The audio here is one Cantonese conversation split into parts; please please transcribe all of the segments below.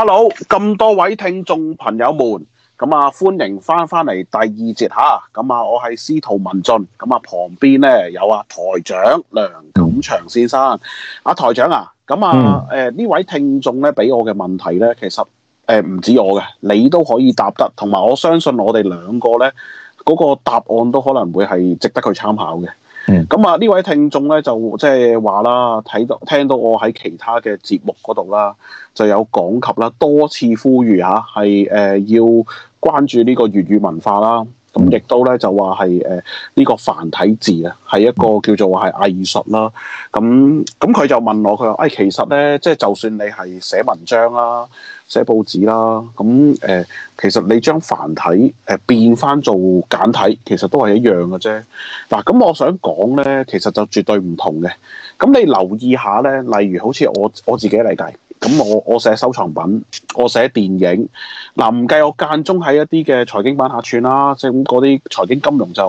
hello，咁多位聽眾朋友們，咁啊歡迎翻翻嚟第二節吓，咁啊，啊我係司徒文進，咁啊旁邊咧有啊，台長梁錦祥先生，啊，台長啊，咁啊誒呢、嗯、位聽眾咧俾我嘅問題咧，其實誒唔、呃、止我嘅，你都可以答得，同埋我相信我哋兩個咧嗰、那個答案都可能會係值得佢參考嘅。嗯，咁啊呢位聽眾咧就即係話啦，睇到聽到我喺其他嘅節目嗰度啦，就有講及啦，多次呼籲吓，係誒、呃、要關注呢個粵語文化啦。咁亦都咧就話係誒呢個繁體字啊，係一個叫做係藝術啦。咁咁佢就問我，佢話，誒、哎、其實咧，即係就算你係寫文章啦。寫報紙啦，咁、嗯、誒，其實你將繁體誒變翻做簡體，其實都係一樣嘅啫。嗱，咁我想講呢，其實就絕對唔同嘅。咁你留意下呢，例如好似我我自己嚟計，咁我我寫收藏品，我寫電影，嗱、嗯、唔計我間中喺一啲嘅財經版客串啦，即係嗰啲財經金融就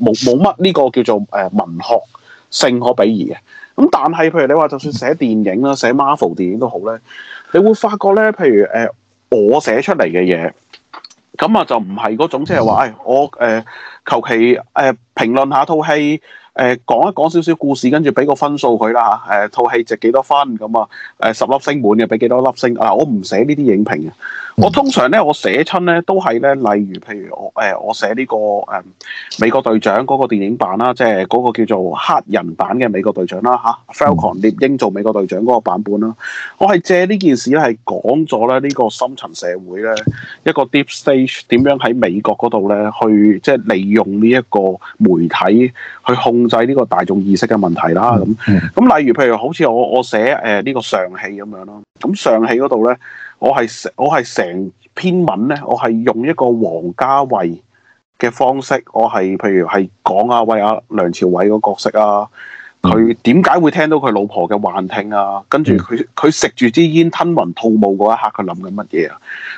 冇冇乜呢個叫做誒文學性可比擬嘅。咁但係譬如你話，就算寫電影啦，寫 Marvel 電影都好呢。你會發覺咧，譬如誒、呃、我寫出嚟嘅嘢，咁啊就唔係嗰種，即係話，誒我誒求其誒評論一下一套戲。誒、呃、講一講少少故事，跟住俾個分數佢啦嚇。誒、呃、套戲值幾多分咁啊？誒、呃、十粒星滿嘅俾幾多粒星啊？我唔寫呢啲影評嘅。我通常咧，我寫親咧都係咧，例如譬如我誒、呃、我寫呢、呢個誒、呃、美國隊長嗰個電影版啦，即係嗰個叫做黑人版嘅美國隊長啦嚇。啊啊、Falcon 獵鷹做美國隊長嗰個版本啦，我係借呢件事係講咗咧呢個深層社會咧一個 deep stage 點樣喺美國嗰度咧去即係利用呢一個媒體去控控制呢個大眾意識嘅問題啦，咁咁例如譬如好似我我寫誒呢，呃，這個上戲咁樣咯，咁上戲嗰度咧，我係我係成篇文咧，我係用一個王家衞嘅方式，我係譬如係講啊，喂，啊梁朝偉個角色啊。佢點解會聽到佢老婆嘅幻聽啊？跟住佢佢食住支煙吞雲吐霧嗰一刻，佢諗緊乜嘢啊？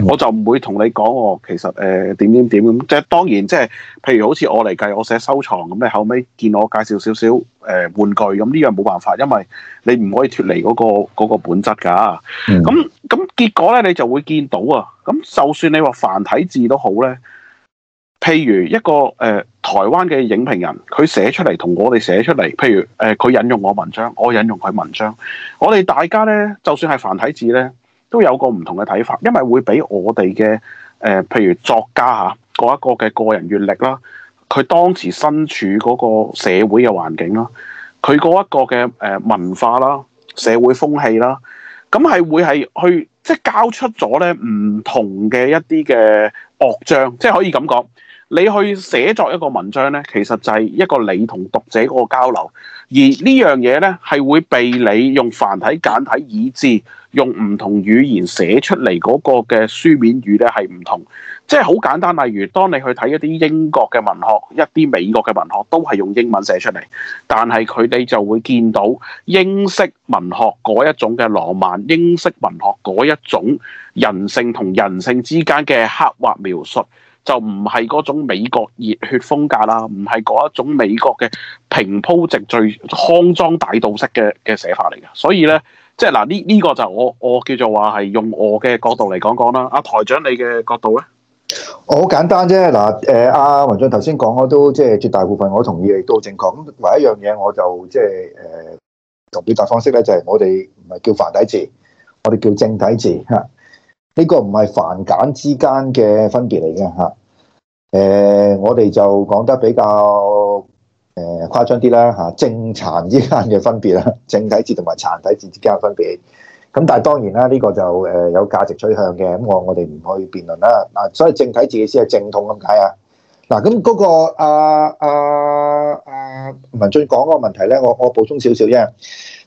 我就唔會同你講喎。其實誒點點點咁，即係當然即係，譬如好似我嚟計，我寫收藏咁，你後尾見我介紹少少誒、呃、玩具咁，呢樣冇辦法，因為你唔可以脫離嗰個嗰個本質㗎、啊。咁咁、嗯、結果咧，你就會見到啊。咁就算你話繁體字都好咧。譬如一個誒、呃、台灣嘅影評人，佢寫出嚟同我哋寫出嚟，譬如誒佢，呃，引用我文章，我引用佢文章，我哋大家咧就算係繁體字咧，都有個唔同嘅睇法，因為會俾我哋嘅誒譬如作家吓嗰一個嘅個人閱歷啦，佢當時身處嗰個社會嘅環境啦，佢嗰一個嘅誒文化啦、社會風氣啦，咁係會係去即係交出咗咧唔同嘅一啲嘅樂章，即係可以咁講。你去寫作一個文章咧，其實就係一個你同讀者嗰個交流，而呢樣嘢咧係會被你用繁體、簡體、以致、用唔同語言寫出嚟嗰個嘅書面語咧係唔同，即係好簡單。例如，當你去睇一啲英國嘅文學、一啲美國嘅文學，都係用英文寫出嚟，但係佢哋就會見到英式文學嗰一種嘅浪漫、英式文學嗰一種人性同人性之間嘅刻畫描述。就唔係嗰種美國熱血風格啦，唔係嗰一種美國嘅平鋪直敍、康莊大道式嘅嘅寫法嚟嘅。所以咧，即係嗱呢呢個就我我叫做話係用我嘅角度嚟講講啦。阿、啊、台長你嘅角度咧，我好簡單啫。嗱，誒阿文進頭先講我都即係絕大部分我同意，亦都好正確。唯一一樣嘢我就即係誒同表達方式咧，就係我哋唔係叫繁體字，我哋叫正體字嚇。呢個唔係繁簡之間嘅分別嚟嘅嚇，誒、呃、我哋就講得比較誒、呃、誇張啲啦嚇，正殘之間嘅分別啊，正體字同埋殘體字之間嘅分別。咁但係當然啦，呢、這個就誒有價值取向嘅，咁我我哋唔可以辯論啦嗱。所以正體字嘅先係正統咁解、那個、啊。嗱咁嗰個阿阿文進講嗰個問題咧，我我補充少少啫。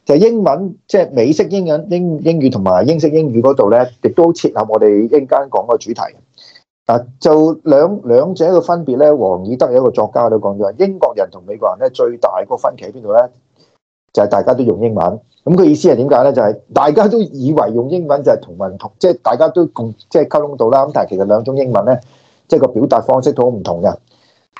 其實英文即係、就是、美式英文、英英語同埋英式英語嗰度咧，亦都切合我哋一陣間講個主題。嗱，就兩兩者嘅分別咧，王爾德有一個作家都講咗，英國人同美國人咧最大個分歧喺邊度咧？就係、是、大家都用英文。咁、那、佢、個、意思係點解咧？就係、是、大家都以為用英文就係同文同，即、就、係、是、大家都共即係、就是、溝通到啦。咁但係其實兩種英文咧，即、就、係、是、個表達方式都好唔同嘅。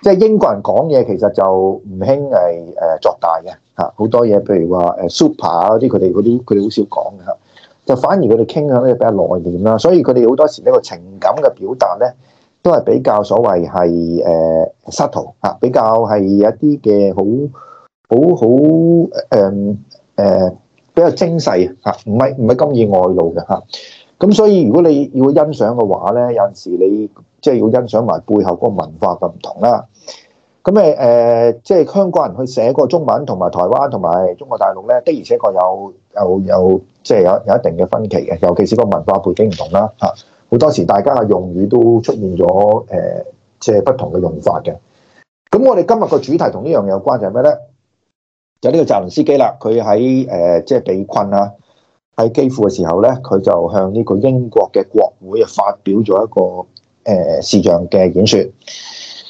即係英國人講嘢，其實就唔興係誒作大嘅吓。好多嘢，譬如話誒 super 啲，佢哋嗰啲佢哋好少講嘅吓，就反而佢哋傾向咧比較內斂啦，所以佢哋好多時呢個情感嘅表達咧，都係比較所謂係誒 subtle 吓，比較係一啲嘅好好好誒誒比較精細吓，唔係唔係咁易外露嘅吓。咁所以如果你要欣賞嘅話咧，有陣時你。即係要欣賞埋背後個文化嘅唔同啦、啊。咁誒誒，即、呃、係、就是、香港人去寫個中文，同埋台灣同埋中國大陸咧，的而且確有有有，即係有、就是、有，有一定嘅分歧嘅。尤其是個文化背景唔同啦、啊，嚇好多時大家嘅用語都出現咗誒，即、呃、係、就是、不同嘅用法嘅。咁我哋今日個主題同呢樣有關就係咩咧？就呢、是、個澤倫斯基啦，佢喺誒即係被困啊，喺基輔嘅時候咧，佢就向呢個英國嘅國會啊發表咗一個。誒視像嘅演說，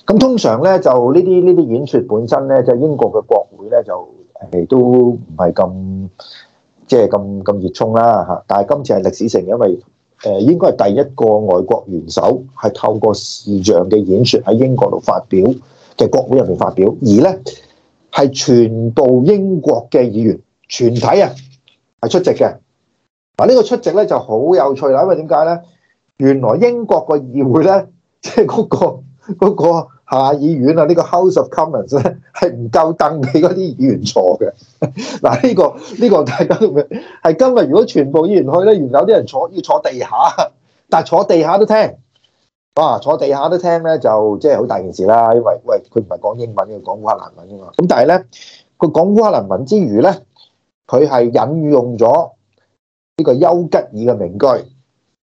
咁通常咧就呢啲呢啲演說本身咧，就係英國嘅國會咧就係都唔係咁即係咁咁熱衷啦嚇。但係今次係歷史性，因為誒應該係第一個外國元首係透過視像嘅演說喺英國度發表嘅國會入面發表，而咧係全部英國嘅議員全體啊係出席嘅。嗱呢個出席咧就好有趣啦，因為點解咧？原來英國個議會咧，即係嗰個嗰個下議院啊，呢個 House of Commons 咧係唔夠凳俾嗰啲議員坐嘅。嗱呢個呢個大家係今日如果全部議員去咧，原來有啲人坐要坐地下，但係坐地下都聽。哇，坐地下都聽咧，就即係好大件事啦。因為喂佢唔係講英文嘅，講烏克蘭文㗎嘛。咁但係咧，佢講烏克蘭文之餘咧，佢係引用咗呢個丘吉爾嘅名句。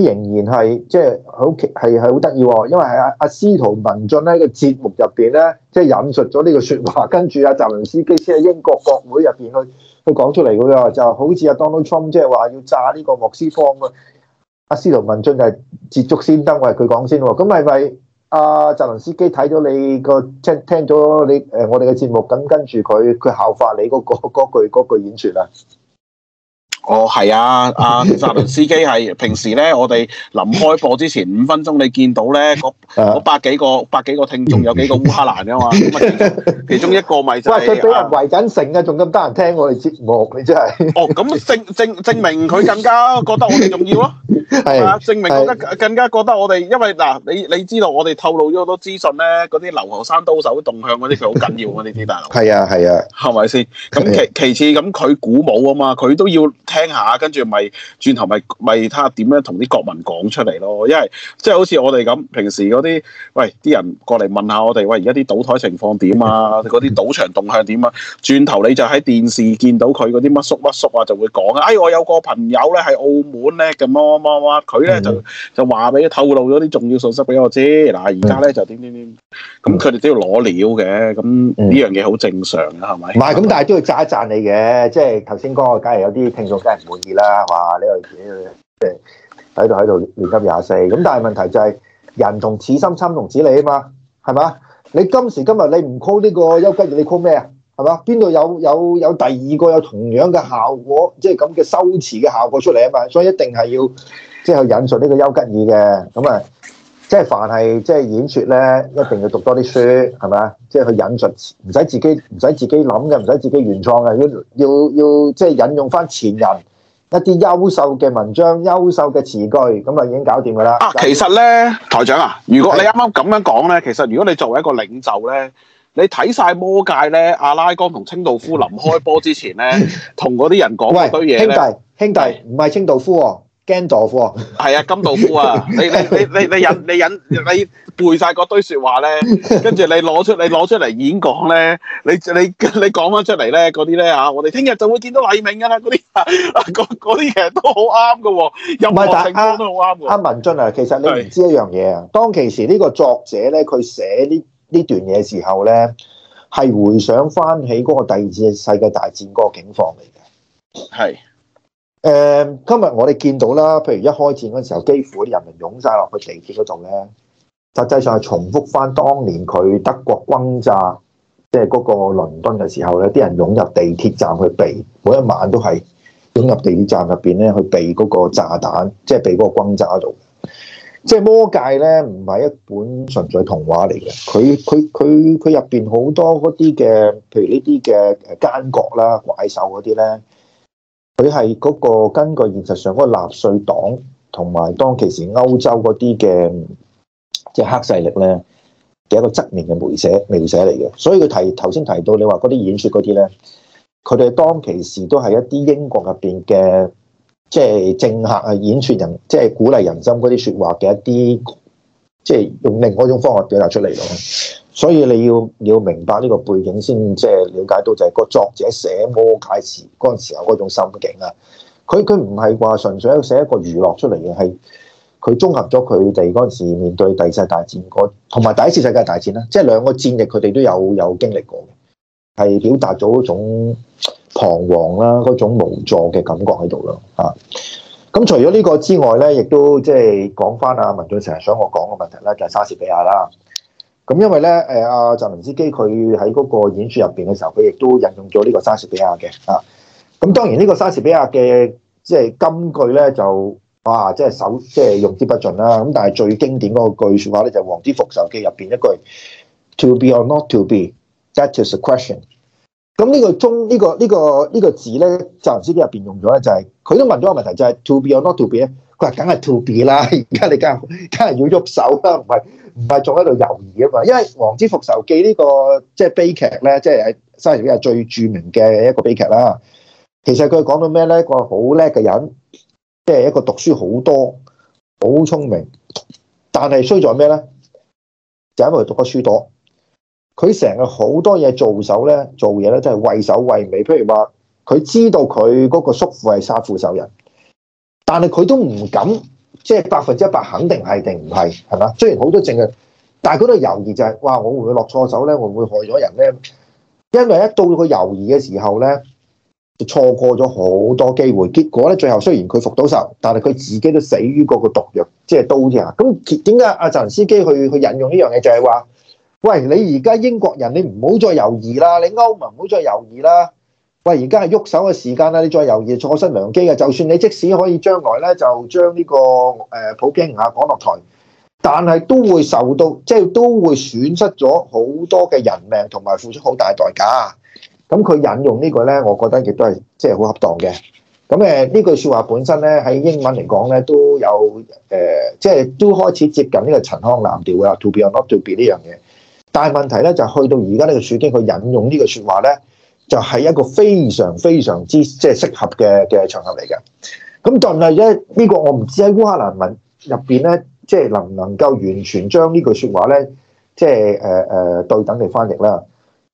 仍然係即係好奇，係係好得意喎。因為係阿阿司徒文進咧，個節目入邊咧，即係引述咗呢個説話，跟住阿澤倫斯基先喺英國國會入邊去去講出嚟噶喎，就好似阿 Donald Trump 即係話要炸呢個莫斯科啊。阿司徒文進就係捷足先登喎，佢講先喎。咁係咪阿澤倫斯基睇咗你個聽聽咗你誒、呃、我哋嘅節目，咁跟住佢佢效法你嗰、嗰個、句句演説啊？哦，係啊，阿澤倫斯基係平時咧，我哋臨開播之前五分鐘，你見到咧嗰嗰百幾個百幾個聽眾有幾個烏克蘭吖嘛？其中一個咪就係，喂，佢俾人圍緊城啊，仲咁得人聽我哋節目，你真係哦，咁證證證明佢更加覺得我哋重要咯，係啊，證明覺得更加覺得我哋，因為嗱，你你知道我哋透露咗好多資訊咧，嗰啲留學生刀手動向嗰啲，佢好緊要啊，呢啲大佬，係啊，係啊，係咪先？咁其其次咁，佢鼓舞啊嘛，佢都要。聽下，跟住咪轉頭咪咪睇下點樣同啲國民講出嚟咯。因為即係好似我哋咁，平時嗰啲喂啲人過嚟問下我哋，喂而家啲賭台情況點啊？嗰啲賭場動向點啊？轉頭你就喺電視見到佢嗰啲乜叔乜叔啊，就會講啊！哎，我有個朋友咧喺澳門咧咁乜乜乜乜佢咧就就話俾你透露咗啲重要信息俾我知。嗱，而家咧就點點點咁，佢哋都要攞料嘅。咁呢樣嘢好正常啦，係咪？唔係咁，但係都要讚一讚你嘅。即係頭先哥，假如有啲梗係唔滿意啦！哇，呢樣嘢即係喺度喺度練習廿四，咁但係問題就係、是、人同此心，心同此理啊嘛，係嘛？你今時今日你唔 call 呢個丘吉爾，你 call 咩啊？係嘛？邊度有有有第二個有同樣嘅效果，即係咁嘅修辭嘅效果出嚟啊嘛？所以一定係要即係、就是、引述呢個丘吉爾嘅咁啊！即係凡係即係演説咧，一定要讀多啲書，係咪啊？即係去引述，唔使自己，唔使自己諗嘅，唔使自己原創嘅，要要要即係引用翻前人一啲優秀嘅文章、優秀嘅詞句，咁啊已經搞掂㗎啦。啊，其實咧，台長啊，如果你啱啱咁樣講咧，是其實如果你作為一個領袖咧，你睇晒魔界咧，阿拉貢同清道夫臨開波之前咧，同嗰啲人講嗰堆嘢咧，喂，兄弟兄弟，唔係是清道夫喎、哦。金道夫係啊，金道夫啊，你你你你你引你引你背晒嗰堆說話咧，跟住你攞出你攞出嚟演講咧，你你你講翻出嚟咧，嗰啲咧啊，我哋聽日就會見到黎明噶啦，嗰啲嗰嗰啲其實都好啱噶，任何情況都好啱。阿文俊啊，其實你唔知一樣嘢啊，當其時呢個作者咧，佢寫呢呢段嘢時候咧，係回想翻起嗰個第二次世界大戰嗰個境況嚟嘅，係。誒，今日我哋見到啦，譬如一開戰嗰時候，幾乎啲人民湧晒落去地鐵嗰度咧，實際上係重複翻當年佢德國轟炸，即係嗰個倫敦嘅時候咧，啲人湧入地鐵站去避，每一晚都係湧入地鐵站入邊咧去避嗰個炸彈，即係避嗰個轟炸度。即係魔戒咧，唔係一本純粹童話嚟嘅，佢佢佢佢入邊好多嗰啲嘅，譬如呢啲嘅誒奸角啦、怪獸嗰啲咧。佢係嗰個根據現實上嗰個納粹黨，同埋當其時歐洲嗰啲嘅即係黑勢力咧，一個側面嘅描寫描寫嚟嘅。所以佢提頭先提到你話嗰啲演說嗰啲咧，佢哋當其時都係一啲英國入邊嘅即係政客啊、演說人，即係鼓勵人心嗰啲說話嘅一啲，即係用另外一種方法表達出嚟咯。所以你要要明白呢個背景先，即係了解到就係個作者寫《魔戒》時嗰陣時候嗰種心境啊！佢佢唔係話純粹寫一個娛樂出嚟嘅，係佢綜合咗佢哋嗰陣時面對第二次大戰同埋第一次世界大戰啦，即係兩個戰役佢哋都有有經歷過，係表達咗一種彷徨啦、嗰種無助嘅感覺喺度咯嚇。咁除咗呢個之外咧，亦都即係講翻啊，文俊成日想我講嘅問題咧，就係莎士比亞啦。咁因為咧，誒阿澤倫斯基佢喺嗰個演説入邊嘅時候，佢亦都引用咗呢個莎士比亞嘅啊。咁當然呢個莎士比亞嘅即係金句咧，就哇，即、啊、係、就是、手即係、就是、用之不盡啦。咁但係最經典嗰句説話咧，就係、是《王子復仇記》入邊一句：To be or not to be，that is a question。咁呢個中呢個呢個呢個字咧，澤倫斯基入邊用咗咧，就係佢都問咗個問題，就係 To be or not to be，佢話梗係 To be 啦，而家你家梗係要喐手啦，唔係。唔係仲喺度猶豫啊嘛，因為《王子復仇記》呢個即係悲劇咧，即係喺莎士比亞最著名嘅一個悲劇啦。其實佢講到咩咧？一個好叻嘅人，即係一個讀書好多、好聰明，但係衰在咩咧？就因為讀嘅書多，佢成日好多嘢做手咧，做嘢咧真係畏首畏尾。譬如話，佢知道佢嗰個叔父係殺父仇人，但係佢都唔敢。即係百分之一百肯定係定唔係，係嘛？雖然好多證人，但係佢都猶豫就係，哇！我會唔會落錯手咧？會唔會害咗人咧？因為一到佢猶豫嘅時候咧，就錯過咗好多機會。結果咧，最後雖然佢復到仇，但係佢自己都死於嗰個毒藥，即係刀添啊！咁點解阿澤倫斯基去去引用呢樣嘢？就係話，喂！你而家英國人，你唔好再猶豫啦！你歐盟唔好再猶豫啦！喂，而家係喐手嘅時間啦！你再猶豫，錯失良機嘅。就算你即使可以將來咧，就將呢個誒普京啊講落台，但係都會受到，即係都會損失咗好多嘅人命，同埋付出好大代價。咁佢引用呢個咧，我覺得亦都係即係好恰當嘅。咁誒呢句説話本身咧，喺英文嚟講咧都有誒，即係都開始接近呢個陳腔濫調啦。To be or not to be 呢樣嘢，但係問題咧就去到而家呢個處境佢引用呢句説話咧。就係一個非常非常之即係、就是、適合嘅嘅場合嚟嘅。咁但係咧，呢個我唔知喺烏克蘭文入邊咧，即、就、係、是、能唔能夠完全將呢句説話咧，即係誒誒對等地翻譯啦。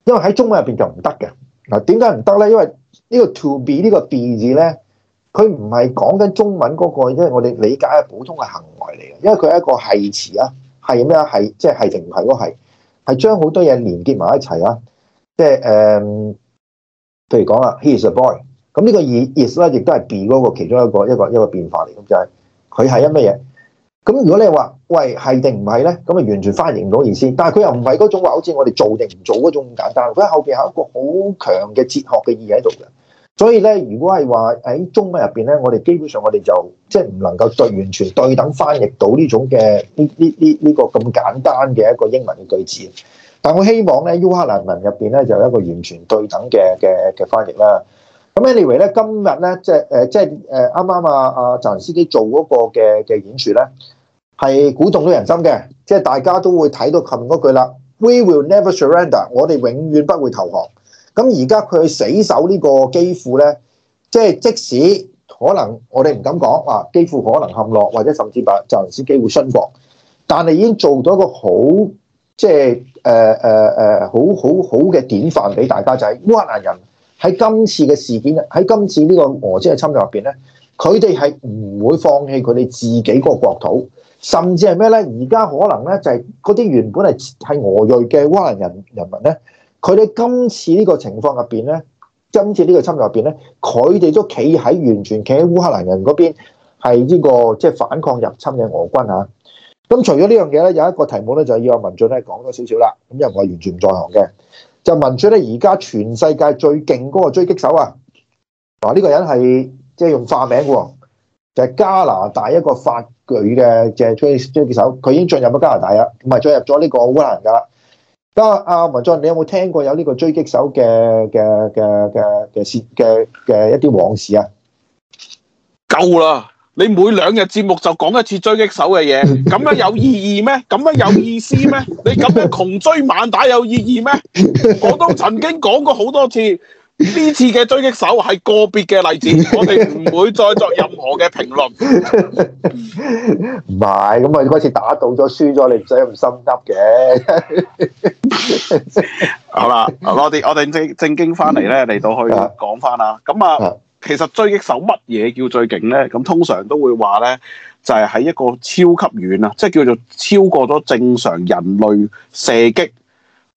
因為喺中文入邊就唔得嘅嗱，點解唔得咧？因為呢個 to be 呢個 be 字咧，佢唔係講緊中文嗰、那個、就是，因為我哋理解係普通嘅行為嚟嘅，因為佢係一個係詞啊，係咩啊？係即係定唔係嗰個係？係將好多嘢連結埋一齊啊，即係誒。嗯譬如講啊，he is a boy。咁呢個意思呢，亦都係 be 嗰個其中一個一個一個變化嚟。咁就係佢係因乜嘢？咁如果你話喂係定唔係咧，咁啊完全翻譯唔到意思。但係佢又唔係嗰種話，好似我哋做定唔做嗰種咁簡單。佢喺後邊係一個好強嘅哲學嘅意義喺度嘅。所以咧，如果係話喺中文入邊咧，我哋基本上我哋就即係唔能夠對完全對等翻譯到呢種嘅呢呢呢呢個咁簡單嘅一個英文嘅句子。但我希望咧，烏克蘭文入邊咧就有一個完全對等嘅嘅嘅翻譯啦。咁 anyway 咧，今日咧即係誒即係誒啱啱啊啊！澤倫斯基做嗰個嘅嘅演説咧，係鼓動咗人心嘅，即係大家都會睇到琴嗰句啦：We will never surrender。我哋永遠不會投降。咁而家佢死守呢個基輔咧，即係即使可能我哋唔敢講啊，基輔可能陷落，或者甚至把澤倫斯基會殉國，但係已經做到一個好即係。誒誒誒，好好好嘅典範俾大家就係、是、烏克蘭人喺今次嘅事件，喺今次呢個俄軍嘅侵略入邊咧，佢哋係唔會放棄佢哋自己個國土，甚至係咩咧？而家可能咧就係嗰啲原本係係俄裔嘅烏克蘭人人民咧，佢哋今次呢個情況入邊咧，今次呢個侵略入邊咧，佢哋都企喺完全企喺烏克蘭人嗰邊，係呢、這個即係、就是、反抗入侵嘅俄軍嚇、啊。咁除咗呢樣嘢咧，有一個題目咧，就要阿文俊咧講多少少啦。咁又唔係完全唔在行嘅，就文俊咧，而家全世界最勁嗰個狙擊手啊！嗱，呢個人係即係用化名嘅，就係加拿大一個法鋸嘅嘅狙狙擊手，佢已經進入咗加拿大啊，唔係進入咗呢個烏克蘭啦。咁啊，阿文俊，你有冇聽過有呢個狙擊手嘅嘅嘅嘅嘅事嘅嘅一啲往事啊？夠啦！你每兩日節目就講一次狙擊手嘅嘢，咁樣有意義咩？咁樣有意思咩？你咁樣窮追猛打有意義咩？我都曾經講過好多次，呢次嘅狙擊手係個別嘅例子，我哋唔會再作任何嘅評論。唔係， 咁啊嗰次打到咗輸咗，你唔使咁心急嘅。 好啦，我哋我哋正正經翻嚟咧，嚟到去講翻啦。咁啊。 其實狙擊手乜嘢叫最勁咧？咁通常都會話咧，就係、是、喺一個超級遠啊，即係叫做超過咗正常人類射擊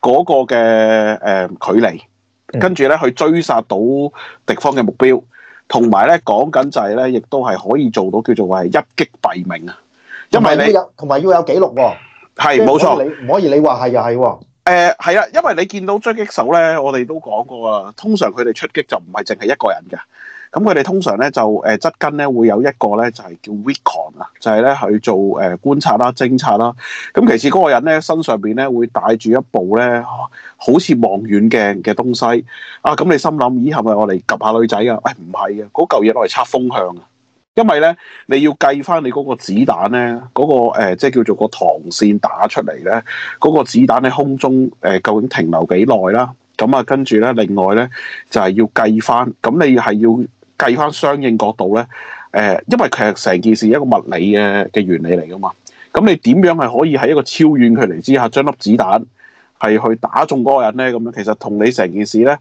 嗰個嘅誒、呃、距離，跟住咧去追殺到敵方嘅目標，同埋咧講緊就係咧，亦都係可以做到叫做係一擊斃命啊！因為你有同埋要有紀錄喎，係冇錯，唔是可以你話係又係，誒係啦，因為你見到狙擊手咧，我哋都講過啦，通常佢哋出擊就唔係淨係一個人嘅。咁佢哋通常咧就誒側跟咧會有一個咧就係叫 recon 啊，就係、是、咧去做誒、呃、觀察啦、偵察啦。咁、啊、其次嗰個人咧身上邊咧會帶住一部咧、啊、好似望遠鏡嘅東西啊。咁、啊啊、你心諗，咦係咪我嚟 𥄫 下女仔啊？誒唔係嘅，嗰嚿嘢攞嚟測風向啊。因為咧你要計翻你嗰、那個呃個,那個子彈咧嗰個即係叫做個膛線打出嚟咧嗰個子彈喺空中誒、呃、究竟停留幾耐啦。咁啊跟住咧另外咧就係、是、要計翻咁你係要。計翻相應角度咧，誒、呃，因為佢係成件事一個物理嘅嘅原理嚟噶嘛，咁你點樣係可以喺一個超遠距離之下將粒子彈係去打中嗰個人咧？咁、嗯、樣其實同你成件事咧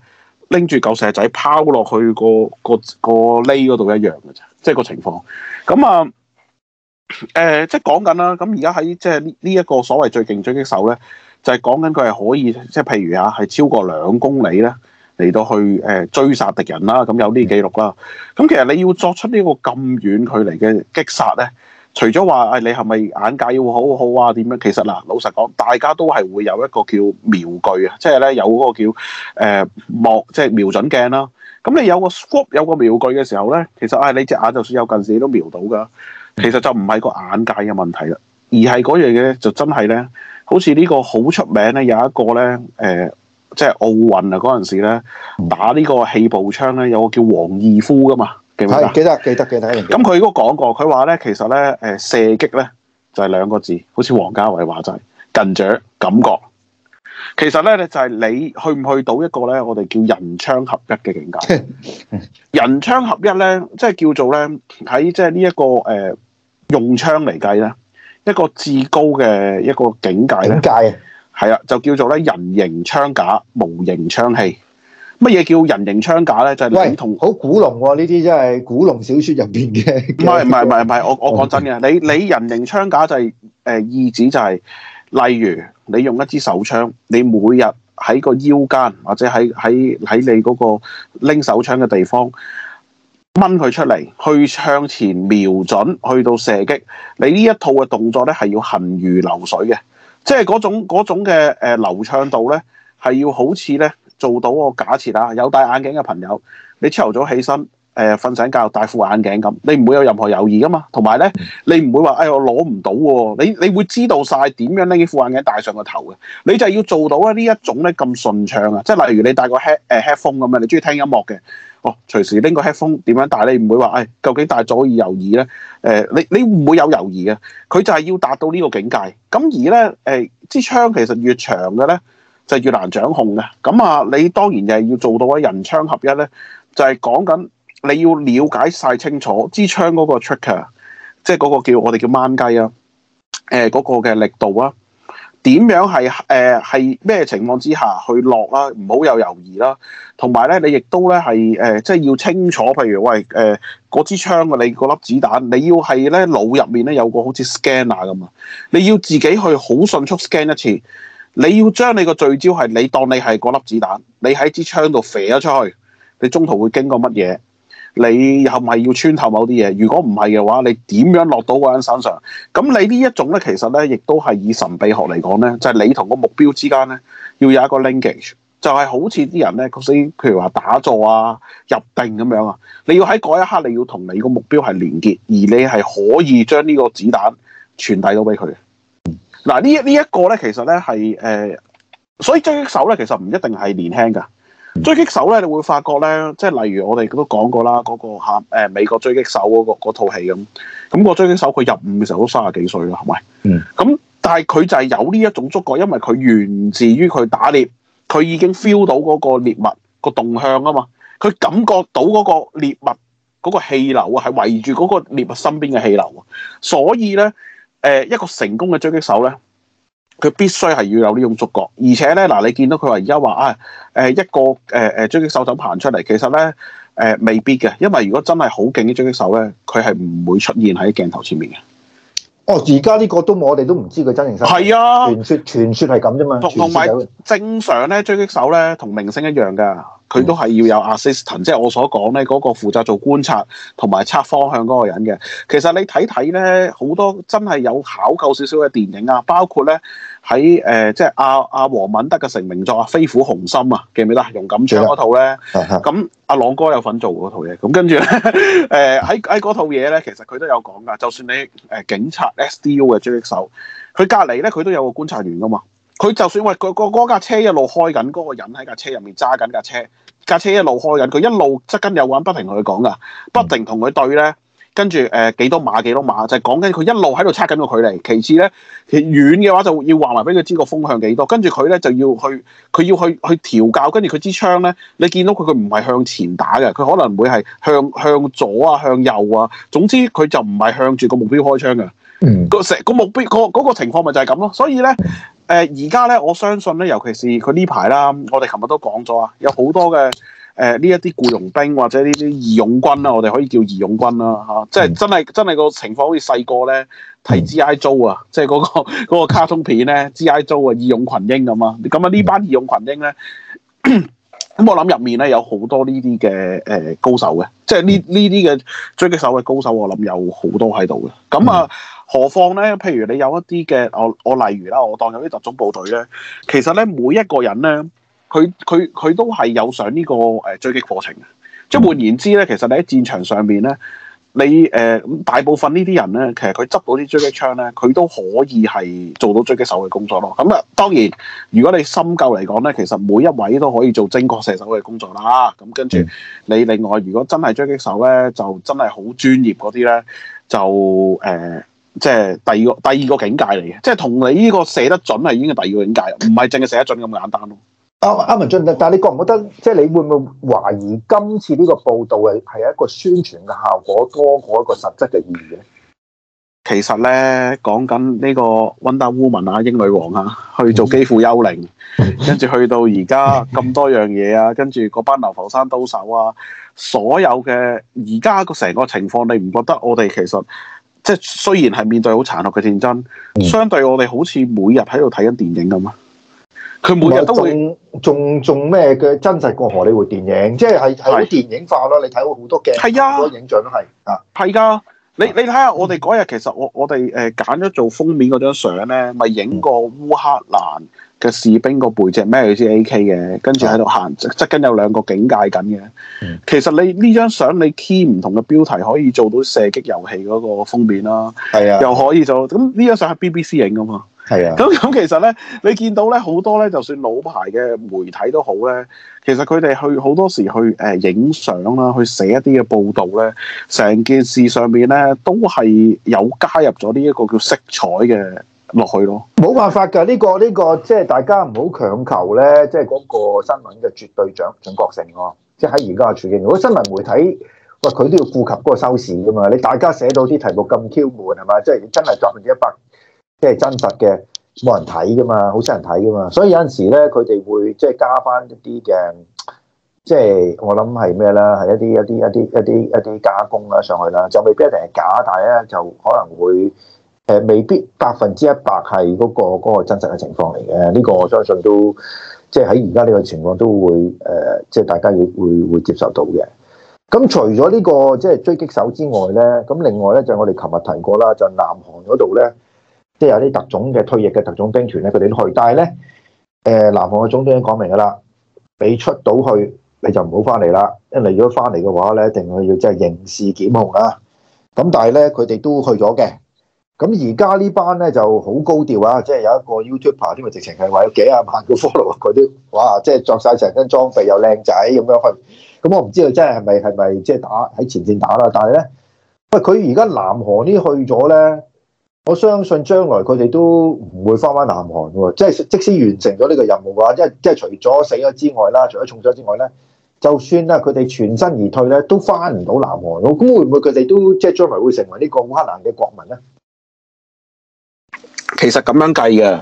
拎住嚿石仔拋落去個個個孭嗰度一樣嘅啫，即係個情況。咁、嗯、啊，誒、呃，即係講緊啦。咁而家喺即係呢呢一個所謂最勁狙擊手咧，就係講緊佢係可以，即係譬如嚇係超過兩公里咧。嚟到去誒追殺敵人啦，咁有呢記錄啦。咁其實你要作出呢個咁遠距離嘅擊殺咧，除咗話誒你係咪眼界要好好啊點樣？其實嗱，老實講，大家都係會有一個叫瞄具啊，即係咧有嗰個叫誒望、呃、即係瞄準鏡啦。咁你有個 scope 有個瞄具嘅時候咧，其實啊、哎、你隻眼就算有近視都瞄到噶。其實就唔係個眼界嘅問題啦，而係嗰樣嘢就真係咧，好似呢個好出名咧有一個咧誒。呃即係奧運啊！嗰陣時咧，打呢個氣步槍咧，有個叫王義夫噶嘛，記唔記得？記得，記得記得記得。咁佢都講過，佢話咧，其實咧，誒射擊咧，就係兩個字，好似王家衛話就係近著感覺。其實咧，就係你去唔去到一個咧，我哋叫人槍合一嘅境界。 人槍合一咧，即係叫做咧，喺即係呢一個誒用槍嚟計咧，一個至高嘅一個境界。境界。 係啊，就叫做咧人形槍架、模型槍器。乜嘢叫人形槍架咧？喂就係你同好古龍呢啲，真係古龍小說入邊嘅。唔係唔係唔係唔係，我我講真嘅，你你人形槍架就係、是、誒、呃、意指就係、是，例如你用一支手槍，你每日喺個腰間或者喺喺喺你嗰個拎手槍嘅地方掹佢出嚟，去向前瞄準，去到射擊。你呢一套嘅動作咧係要行如流水嘅。即係嗰種嗰種嘅誒、呃、流暢度咧，係要好似咧做到我假設啊，有戴眼鏡嘅朋友，你朝頭早起身，誒、呃、瞓醒覺戴副眼鏡咁，你唔會有任何猶豫噶嘛。同埋咧，你唔會話誒、哎、我攞唔到喎，你你會知道晒點樣拎副眼鏡戴上個頭嘅。你就係要做到咧呢一種咧咁順暢啊！即係例如你戴個 head 誒、呃、headphone 咁樣，你中意聽音樂嘅。哦，隨時拎個 headphone 點樣帶？但你唔會話，誒、哎、究竟戴左耳右耳咧？誒、呃，你你唔會有猶豫嘅。佢就係要達到呢個境界。咁而咧，誒、呃、支槍其實越長嘅咧，就越難掌控嘅。咁啊，你當然就係要做到啊人槍合一咧，就係、是、講緊你要了解晒清楚支槍嗰個 trigger，即係嗰個叫我哋叫掹雞啊，誒、呃、嗰、那個嘅力度啊。點樣係誒係咩情況之下去落啦？唔好有猶豫啦。同埋咧，你亦都咧係誒，即係要清楚。譬如喂誒，嗰支槍啊，你嗰粒子彈，你要係咧腦入面咧有個好似 scanner 咁啊。你要自己去好迅速 scan 一次。你要將你個聚焦係你當你係嗰粒子彈，你喺支槍度射咗出去，你中途會經過乜嘢？你係咪要穿透某啲嘢？如果唔係嘅話，你點樣落到嗰個人身上？咁你呢一種咧，其實咧，亦都係以神秘學嚟講咧，就係、是、你同個目標之間咧，要有一個 linkage，就係好似啲人咧，嗰啲譬如話打坐啊、入定咁樣啊，你要喺嗰一刻，你要同你個目標係連結，而你係可以將呢個子彈傳遞到俾佢。嗱、啊，呢一呢一個咧，其實咧係誒，所以狙擊手咧，其實唔一定係年輕㗎。追擊手咧，你會發覺咧，即係例如我哋都講過啦，嗰、那個嚇、呃、美國狙擊手嗰套戲咁，咁、那個狙擊手佢入伍嘅時候都三十幾歲啦，係咪？嗯。咁但係佢就係有呢一種觸覺，因為佢源自於佢打獵，佢已經 feel 到嗰個獵物個動向啊嘛，佢感覺到嗰個獵物嗰、那個氣流啊，係圍住嗰個獵物身邊嘅氣流啊，所以咧，誒、呃、一個成功嘅狙擊手咧。佢必須係要有呢種觸覺，而且咧嗱，你見到佢話而家話啊，誒一個誒誒、呃、狙擊手走行出嚟，其實咧誒、呃、未必嘅，因為如果真係好勁嘅狙擊手咧，佢係唔會出現喺鏡頭前面嘅。哦，而家呢個都我哋都唔知佢真定係係啊，傳說傳說係咁啫嘛。同埋有正常咧狙擊手咧同明星一樣噶。佢都係要有 assistant，即係我所講咧嗰個負責做觀察同埋測方向嗰個人嘅。其實你睇睇咧，好多真係有考究少少嘅電影啊，包括咧喺誒即係阿阿王敏德嘅成名作《飛虎雄心》啊，記唔記得？馮錦昌嗰套咧，咁阿朗哥有份做嗰套嘢。咁跟住咧，誒喺喺嗰套嘢咧，其實佢都有講㗎。就算你誒、呃、警察 SDU 嘅狙擊手，佢隔籬咧，佢都有個觀察員㗎嘛。佢就算為佢嗰架車一路開緊，嗰、嗰個人喺架車入面揸緊架車。那個車架車一路開緊，佢一路側跟有玩，不停同佢講噶，不停同佢對咧。跟住誒、呃、幾多碼幾多碼，就係講緊佢一路喺度測緊個距離。其次咧，其實遠嘅話就要話埋俾佢知個風向幾多。跟住佢咧就要去，佢要去去調教。跟住佢支槍咧，你見到佢佢唔係向前打嘅，佢可能會係向向左啊，向右啊。總之佢就唔係向住個目標開槍嘅。嗯，個成個目標、那個、那個情況咪就係咁咯。所以咧。嗯誒而家咧，我相信咧，尤其是佢呢排啦，我哋琴日都講咗啊，有好多嘅誒呢一啲僱傭兵或者呢啲義勇軍啊，我哋可以叫義勇軍啦嚇、啊，即係真係真係個情況好似細個咧睇 G.I. Joe 啊，即係嗰、嗰個嗯、 個卡通片咧 G.I. Joe 啊，義勇群英咁啊，咁啊呢班義勇群英咧。 咁我諗入面咧有好多呢啲嘅誒高手嘅，即係呢呢啲嘅狙擊手嘅高手，我諗有好多喺度嘅。咁啊，嗯、何況咧？譬如你有一啲嘅，我我例如啦，我當有啲特種部隊咧，其實咧每一個人咧，佢佢佢都係有上呢、這個誒、呃、狙擊課程嘅。即係換言之咧，其實你喺戰場上邊咧。你誒咁、呃、大部分呢啲人咧，其實佢執到啲狙擊槍咧，佢都可以係做到狙擊手嘅工作咯。咁啊，當然如果你深究嚟講咧，其實每一位都可以做精確射手嘅工作啦。咁跟住你另外，如果真係狙擊手咧，就真係好專業嗰啲咧，就誒、呃、即係第二個第二個境界嚟嘅，即係同你呢個射得準係已經係第二個境界，唔係淨係射得準咁簡單咯。阿、啊、文進，但係你覺唔覺得，即係你會唔會懷疑今次呢個報道係係一個宣傳嘅效果多過一個實質嘅意義咧？其實咧，講緊呢個 Wonder Woman 啊、英女王啊，去做基輔幽靈，跟住 去到而家咁多樣嘢啊，跟住嗰班流浮山刀手啊，所有嘅而家個成個情況，你唔覺得我哋其實即係雖然係面對好殘酷嘅戰爭， 相對我哋好似每日喺度睇緊電影咁啊？佢每日都會，仲仲咩嘅真實過荷里活電影，即係係好電影化咯。你睇好多鏡，好、啊、多影像都係啊。係噶，你你睇下我哋嗰日，其實我我哋誒揀咗做封面嗰張相咧，咪影個烏克蘭嘅士兵個背脊，孭住支 AK 嘅，跟住喺度行，側側跟有兩個警戒緊嘅。其實你呢張相你 key 唔同嘅標題可以做到射擊遊戲嗰個封面啦。係啊，又可以做咁呢張相係 BBC 影噶嘛。係啊，咁咁其實咧，你見到咧好多咧，就算老牌嘅媒體都好咧，其實佢哋去好多時去誒影相啦，去寫一啲嘅報道咧，成件事上面咧都係有加入咗呢一個叫色彩嘅落去咯。冇辦法㗎，呢、呢個呢、呢個即係、即係、大家唔好強求咧，即係嗰個新聞嘅絕對準準確性㗎。即係喺而家嘅處境，如果新聞媒體喂佢都要顧及嗰個收視㗎、啊、嘛，你大家寫到啲題目咁 Q 悶係嘛，即係、即係、真係百分之一百。即係真實嘅，冇人睇噶嘛，好少人睇噶嘛，所以有陣時咧，佢哋會即係加翻一啲嘅，即係我諗係咩啦，係一啲一啲一啲一啲一啲加工啦上去啦，就未必一定係假，但係咧就可能會誒，未必百分之一百係嗰個真實嘅情況嚟嘅。呢個我相信都即係喺而家呢個情況都會誒，即係大家要會會會接受到嘅。咁除咗呢個即係追擊手之外咧，咁另外咧就我哋琴日提過啦，就南韓嗰度咧。即係有啲特種嘅退役嘅特種兵團咧，佢哋都去。但係咧，誒，南韓嘅總統已經講明㗎啦，俾出到去你就唔好翻嚟啦。因為如果翻嚟嘅話咧，一定佢要即係刑事檢控啊。咁但係咧，佢哋都去咗嘅。咁而家呢班咧就好高調啊！即係有一個 YouTuber 啲咪直情係話有幾廿萬個 follower。佢都哇，即係着晒成身裝備又靚仔咁樣去。咁我唔知道真係係咪係咪即係打喺前線打啦。但係咧，喂，佢而家南韓呢去咗咧？我相信將來佢哋都唔會翻翻南韓喎，即係即使完成咗呢個任務嘅話，即係即係除咗死咗之外啦，除咗重傷之外咧，就算啦，佢哋全身而退咧，都翻唔到南韓。我估會唔會佢哋都即係將來會成為呢個烏克蘭嘅國民咧？其實咁樣計嘅，誒、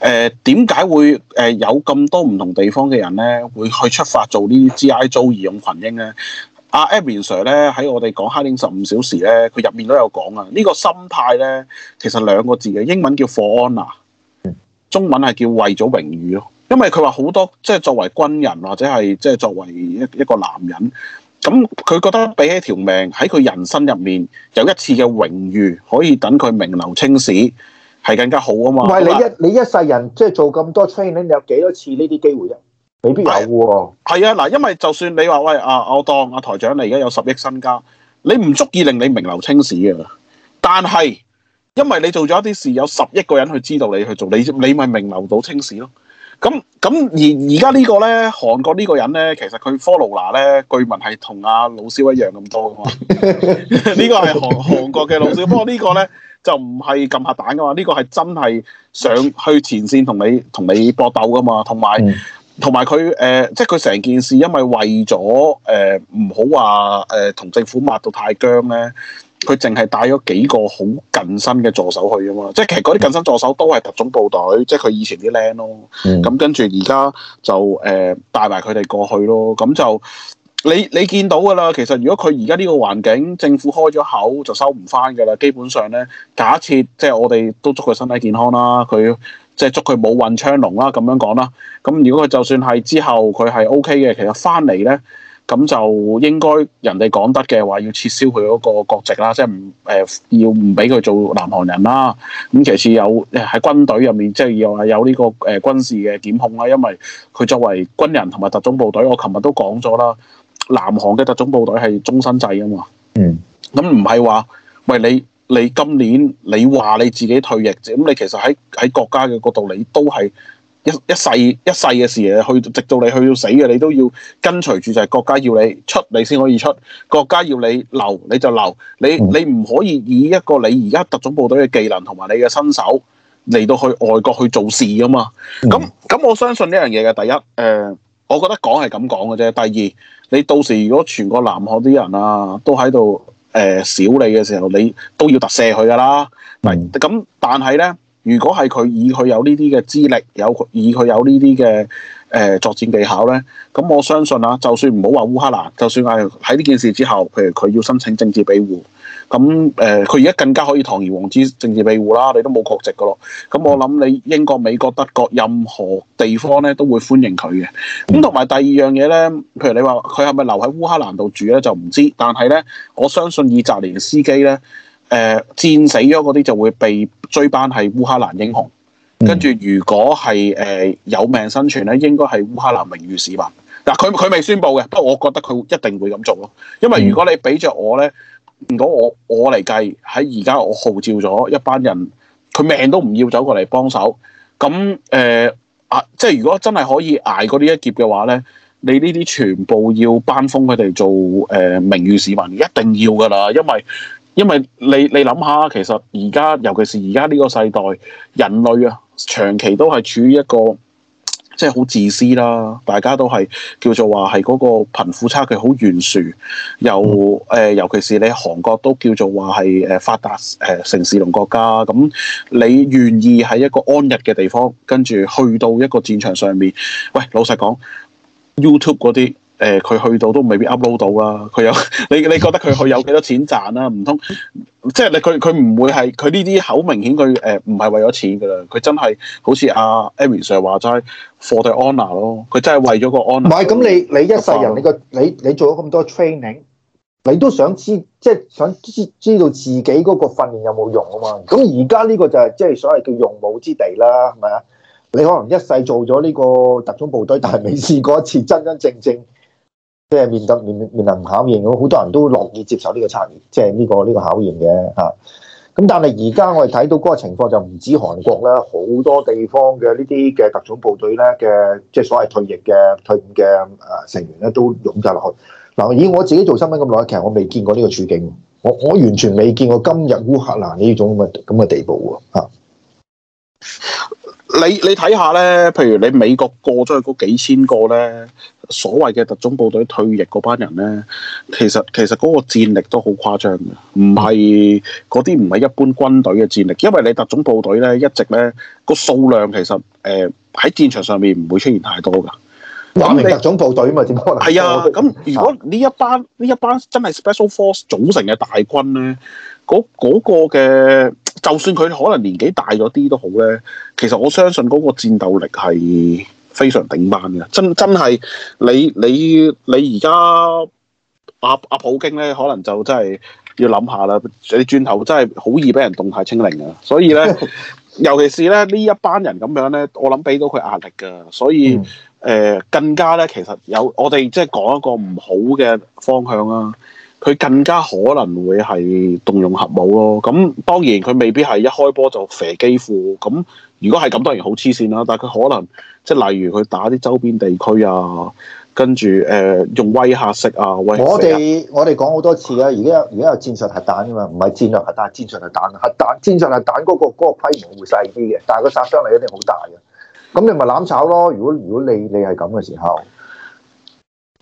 呃，點解會誒有咁多唔同地方嘅人咧，會去出發做呢啲 G I ZU 義勇群英咧？阿 a m e n Sir 咧，喺我哋講 h a d i n g 十五小時咧，佢入面都有講啊。呢、這個心態咧，其實兩個字嘅英文叫 for honor 中文係叫為咗榮譽咯。因為佢話好多即係作為軍人或者係即係作為一一個男人，咁佢覺得比起條命喺佢人生入面有一次嘅榮譽，可以等佢名留青史，係更加好啊嘛。唔係你一你一世人即係、就是、做咁多 training，你有幾多次呢啲機會啫？有喎，係啊，嗱，因為就算你話喂，阿、啊、我當阿台長，你而家有十億身家，你唔足以令你名留青史噶。但係，因為你做咗一啲事，有十億個人去知道你去做，你你咪名留到青史咯。咁、嗯、咁、嗯、而而家呢個咧，韓國呢個人咧，其實佢 follow 嗱、er、咧，據聞係同阿老蕭一樣咁多噶嘛。呢 個係韓韓國嘅老蕭， 不過個呢不、呢個咧就唔係撳核彈噶嘛，呢個係真係上去前線同你同你搏鬥噶嘛，同埋。嗯同埋佢誒，即係佢成件事，因為為咗誒唔好話誒同政府抹到太僵咧，佢淨係帶咗幾個好近身嘅助手去啊嘛。即係其實嗰啲近身助手都係特種部隊，嗯、即係佢以前啲靚咯。咁、嗯、跟住而家就誒、呃、帶埋佢哋過去咯。咁就你你見到噶啦。其實如果佢而家呢個環境，政府開咗口就收唔翻噶啦。基本上咧，假設即係我哋都祝佢身體健康啦，佢。即係祝佢冇運昌隆啦，咁樣講啦。咁如果佢就算係之後佢係 O K 嘅，其實翻嚟呢，咁就應該人哋講得嘅話，要撤銷佢嗰個國籍啦，即係唔誒要唔俾佢做南韓人啦。咁其次有喺軍隊入面，即係又話有呢個誒、呃、軍事嘅檢控啦，因為佢作為軍人同埋特種部隊，我琴日都講咗啦，南韓嘅特種部隊係終身制啊嘛。嗯，咁唔係話喂你。你今年你話你自己退役，咁你其實喺喺國家嘅角度，你都係一一世一世嘅事嘅，去直到你去到死嘅，你都要跟隨住就係、是、國家要你出，你先可以出。國家要你留，你就留。你你唔可以以一個你而家特種部隊嘅技能同埋你嘅身手嚟到去外國去做事噶嘛？咁咁、嗯、我相信呢樣嘢嘅。第一，誒、呃，我覺得講係咁講嘅啫。第二，你到時如果全個南韓啲人啊都喺度。誒、呃、少你嘅時候，你都要特赦佢噶啦。唔咁、嗯，但係呢，如果係佢以佢有呢啲嘅資歷，有以佢有呢啲嘅誒作戰技巧呢，咁我相信啊，就算唔好話烏克蘭，就算係喺呢件事之後，譬如佢要申請政治庇護。咁誒，佢而家更加可以堂而皇之政治庇護啦，你都冇國籍噶咯。咁、嗯、我諗你英國、美國、德國任何地方咧，都會歡迎佢嘅。咁同埋第二樣嘢咧，譬如你話佢係咪留喺烏克蘭度住咧，就唔知。但係咧，我相信以澤倫斯基咧，誒、呃、戰死咗嗰啲就會被追頒係烏克蘭英雄。跟住如果係誒、呃、有命生存咧，應該係烏克蘭榮譽市民。嗱、啊，佢佢未宣佈嘅，不過我覺得佢一定會咁做咯。因為如果你俾著我咧。如果我我嚟計喺而家，我號召咗一班人，佢命都唔要走過嚟幫手。咁誒、呃、啊，即係如果真係可以捱過呢一劫嘅話咧，你呢啲全部要頒封佢哋做誒、呃、名譽市民，一定要噶啦，因為因為你你諗下，其實而家尤其是而家呢個世代，人類啊長期都係處於一個。即係好自私啦，大家都係叫做話係嗰個貧富差距好懸殊，又誒、呃，尤其是你喺韓國都叫做話係誒發達誒、呃、城市同國家，咁、嗯、你願意喺一個安逸嘅地方，跟住去到一個戰場上面？喂，老實講，YouTube 嗰啲。誒佢、呃、去到都未必 upload 到啊！佢有，你你覺得佢去有幾多錢賺啊？唔通即係你佢佢唔會係佢呢啲口明顯佢誒唔係為咗錢噶啦！佢真係好似阿 Amy Sir 上話齋 for the honor 咯，佢真係為咗個 honor。唔係咁，你你一世人你個你你做咗咁多 training，你都想知即係、就是、想知知道自己嗰個訓練有冇用啊嘛？咁而家呢個就係即係所謂叫用武之地啦，係咪啊？你可能一世做咗呢個特種部隊，但係未試過一次真真正正。即係面對面面臨考驗，好多人都樂意接受呢個測驗，即係呢個呢個考驗嘅吓。咁但係而家我哋睇到嗰個情況就唔止韓國啦，好多地方嘅呢啲嘅特種部隊咧嘅，即係所謂退役嘅退伍嘅誒成員咧都湧入落去。嗱，以我自己做新聞咁耐，其實我未見過呢個處境，我我完全未見過今日烏克蘭呢種咁嘅咁嘅地步啊！你你睇下咧，譬如你美國過咗去嗰幾千個咧。所謂嘅特種部隊退役嗰班人咧，其實其實嗰個戰力都好誇張嘅，唔係嗰啲唔係一般軍隊嘅戰力，因為你特種部隊咧一直咧個數量其實誒喺、呃、戰場上面唔會出現太多噶，話明特種部隊嘛，點可能？係啊，咁如果呢一班呢一班真係 Special Force 組成嘅大軍咧，嗰、嗰個嘅就算佢可能年紀大咗啲都好咧，其實我相信嗰個戰鬥力係非常頂班嘅，真真係你你你而家阿阿普京咧，可能就真係要諗下啦。你轉頭真係好易俾人動態清零嘅，所以咧， 尤其是咧呢一班人咁樣咧，我諗俾到佢壓力嘅，所以誒、嗯呃、更加咧，其實有我哋即係講一個唔好嘅方向啊。佢更加可能會係動用核武咯，咁、嗯、當然佢未必係一開波就肥機庫，咁、嗯、如果係咁當然好黐線啦，但係佢可能即係例如佢打啲周邊地區啊，跟住誒、呃、用威嚇式啊，威嚇、啊、我哋我哋講好多次啊。而家而家有戰術核彈㗎嘛，唔係戰略核彈，戰術核彈核彈戰術核彈嗰、那個嗰、那個規模會細啲嘅，但係個殺傷力一定好大嘅，咁你咪攬炒咯，如果如果，如果你你係咁嘅時候。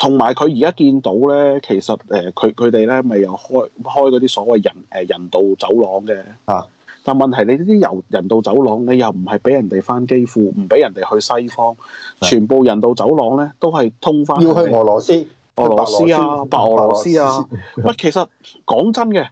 同埋佢而家見到咧，其實誒佢佢哋咧，咪、呃、又開開嗰啲所謂人誒、呃、人道走廊嘅啊！但問題你呢啲由人道走廊，你又唔係俾人哋翻基輔，唔俾人哋去西方，全部人道走廊咧都係通翻要去俄羅斯、俄羅斯啊、白俄羅斯啊！喂，其實講真嘅，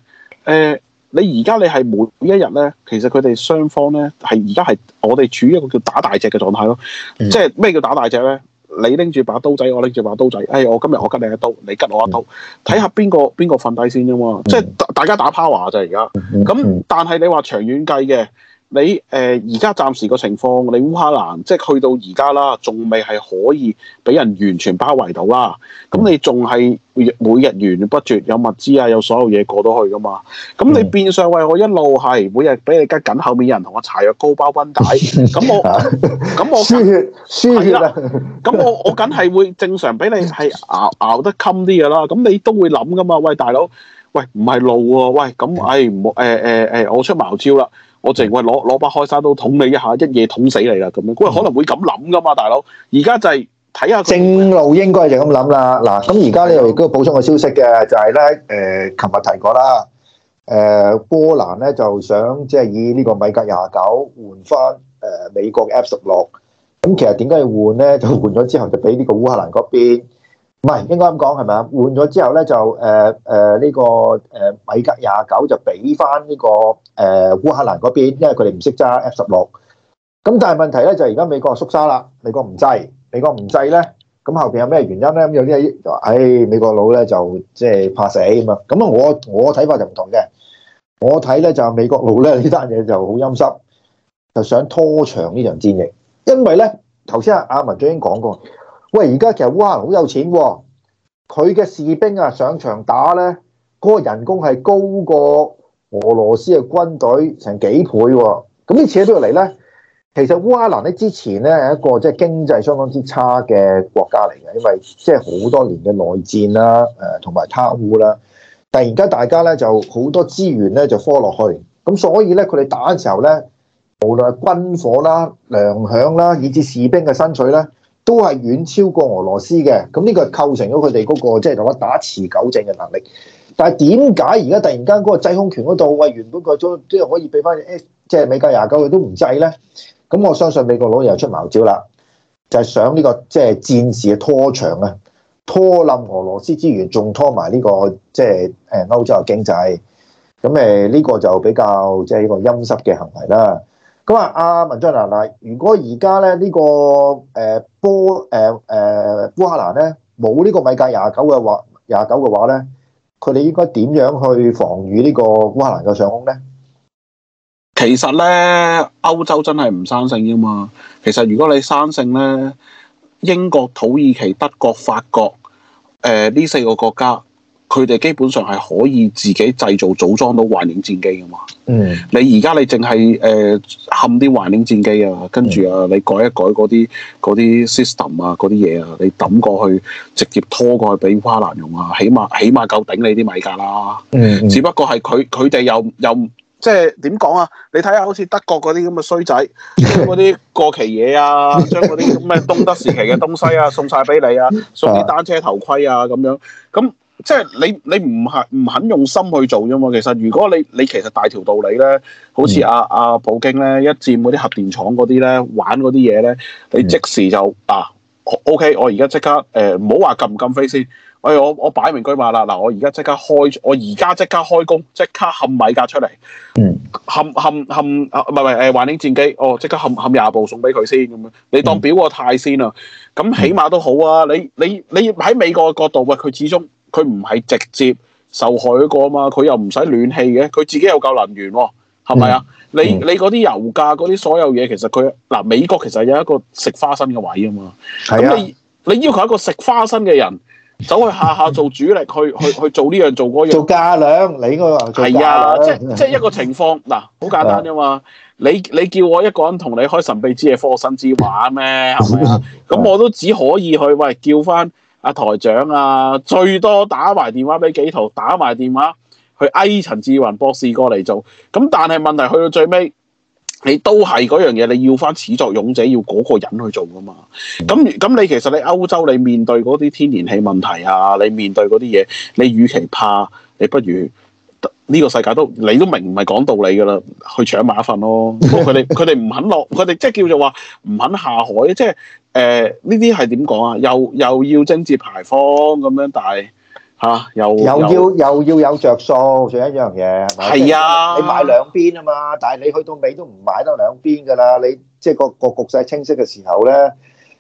誒你而家你係每一日咧，其實佢哋雙方咧係而家係我哋處於一個叫打大隻嘅狀態咯，即係咩叫打大隻咧？你拎住把刀仔，我拎住把刀仔。哎，我今日我拮你一刀，你拮我一刀，睇下邊個邊個瞓低先啫嘛。即係大家打 power 就而家。咁但係你話長遠計嘅。你誒而家暫時個情況，你烏克蘭即係去到而家啦，仲未係可以俾人完全包圍到啦。咁你仲係每日源源不絕有物資啊，有所有嘢過到去噶嘛？咁你變相為我一路係每日俾你拮緊，後面有人同我搽藥膏包繃帶，咁我咁我輸血輸血啦。咁我我梗係會正常俾你係熬熬得襟啲噶啦。咁你都會諗噶嘛？喂，大佬，喂，唔係路喎，喂咁誒誒誒，我出茅招啦。我淨係攞攞把開山刀捅你一下，一夜捅死你啦咁樣，佢可能會咁諗噶嘛，大佬。而家就係睇下正路應該就咁諗啦。嗱、嗯，咁而家咧又都果補充個消息嘅、就係，就係咧誒，琴日提過啦。誒、呃，波蘭咧就想即係以呢個米格廿九換翻誒、呃、美國 F 十六。咁其實點解要換咧？就換咗之後就俾呢個烏克蘭嗰邊。唔係，應該咁講係咪啊？換咗之後咧，就誒誒呢個誒米格廿九就俾翻呢個誒烏克蘭嗰邊，因為佢哋唔識揸 F 十六。咁但係問題咧就係而家美國縮沙啦，美國唔制，美國唔制咧，咁後邊有咩原因咧？咁有啲就話，唉、哎，美國佬咧就即係怕死咁啊！咁啊，我我睇法就唔同嘅。我睇咧就美國佬咧呢單嘢就好陰濕，就想拖長呢場戰役，因為咧頭先阿阿文已經講過。喂，而家其實烏克蘭好有錢喎、哦，佢嘅士兵啊上場打咧，嗰、那個人工係高過俄羅斯嘅軍隊成幾倍喎、哦。咁、嗯、呢次喺度嚟咧，其實烏克蘭咧之前咧係一個即係經濟相當之差嘅國家嚟嘅，因為即係好多年嘅內戰啦、啊，誒同埋貪污啦。突然間大家咧就好多資源咧就科落去，咁所以咧佢哋打嘅時候咧，無論係軍火啦、糧餉啦，以至士兵嘅薪水咧。都係遠超過俄羅斯嘅，咁呢個構成咗佢哋嗰個即係同我打持久戰嘅能力。但係點解而家突然間嗰個制空權嗰度，喂、哎、原本個咗即係可以俾翻，誒即係米格廿九佢都唔制咧。咁我相信美國佬又出矛招啦，就係、是、想呢、這個即係、就是、戰事嘅拖長啊，拖冧俄羅斯資源，仲拖埋呢、這個即係誒歐洲嘅經濟。咁誒呢個就比較即係呢個陰濕嘅行為啦。咁啊，阿文章嗱、啊、嗱，如果而家咧呢、這個誒、呃、波誒誒烏克蘭咧冇呢個米格廿九嘅話廿九嘅話咧，佢哋應該點樣去防禦呢個烏克蘭嘅上空咧？其實咧，歐洲真係唔生性噶嘛。其實如果你生性咧，英國、土耳其、德國、法國，誒、呃、呢四個國家。佢哋基本上係可以自己製造組裝到幻影戰機㗎嘛、呃？嗯，你而家你淨係誒冚啲幻影戰機啊，跟住啊，嗯、你改一改嗰啲嗰啲 system 啊，嗰啲嘢啊，你抌過去直接拖過去俾烏克蘭用啊，起碼起碼，起碼夠頂你啲米格啦。嗯，只不過係佢佢哋又又即係點講啊？你睇下好似德國嗰啲咁嘅衰仔，嗰啲過期嘢啊，將嗰啲咁嘅東德時期嘅東西啊，送晒俾你啊，送啲單車頭盔啊咁樣咁。即係你你唔係唔肯用心去做啫嘛。其實如果你你其實大條道理咧，好似阿阿普京咧一佔嗰啲核電廠嗰啲咧玩嗰啲嘢咧，你即時就啊，OK，我而家即刻誒唔好話禁唔禁飛先。哎，我我擺明車馬啦，嗱，我而家即刻開，我而家即刻開工，即刻冚米格出嚟，冚冚冚啊！唔係唔係誒，幻影戰機，我即刻冚冚廿部送俾佢先咁樣，你當表個態先啊，咁起碼都好啊。你你你喺美國嘅角度喂，佢始終。佢唔係直接受害嗰個嘛，佢又唔使暖氣嘅，佢自己有夠能源喎，哦，係咪啊？你你嗰啲油價嗰啲所有嘢，其實佢嗱美國其實有一個食花生嘅位啊嘛，咁，啊嗯、你你要求一個食花生嘅人走去下下做主力，去去去做呢樣做嗰樣，做價量，你應該係啊，即、就是、 即一個情況嗱，好簡單啫嘛，你你叫我一個人同你開神秘之夜嘅科新之話咩？係咪啊？咁、啊、我都只可以去喂叫翻。阿、啊、台長啊，最多打埋電話俾幾圖，打埋電話去哀陳志雲博士過嚟做，咁但係問題去到最尾，你都係嗰樣嘢，你要翻始作俑者，要嗰個人去做噶嘛？咁咁你其實你歐洲你面對嗰啲天然氣問題啊，你面對嗰啲嘢，你與其怕，你不如。呢個世界都你都明，唔係講道理㗎啦，去搶馬一份咯。佢哋佢哋唔肯落，佢哋 即係叫做話唔肯下海，即係誒呢啲係點講啊？又又要貞節牌坊咁樣，但係吓又又要又要有着數，仲一樣嘢係啊。你買兩邊啊嘛，但係你去到尾都唔買得兩邊㗎啦。你即係個個局勢清晰嘅時候咧，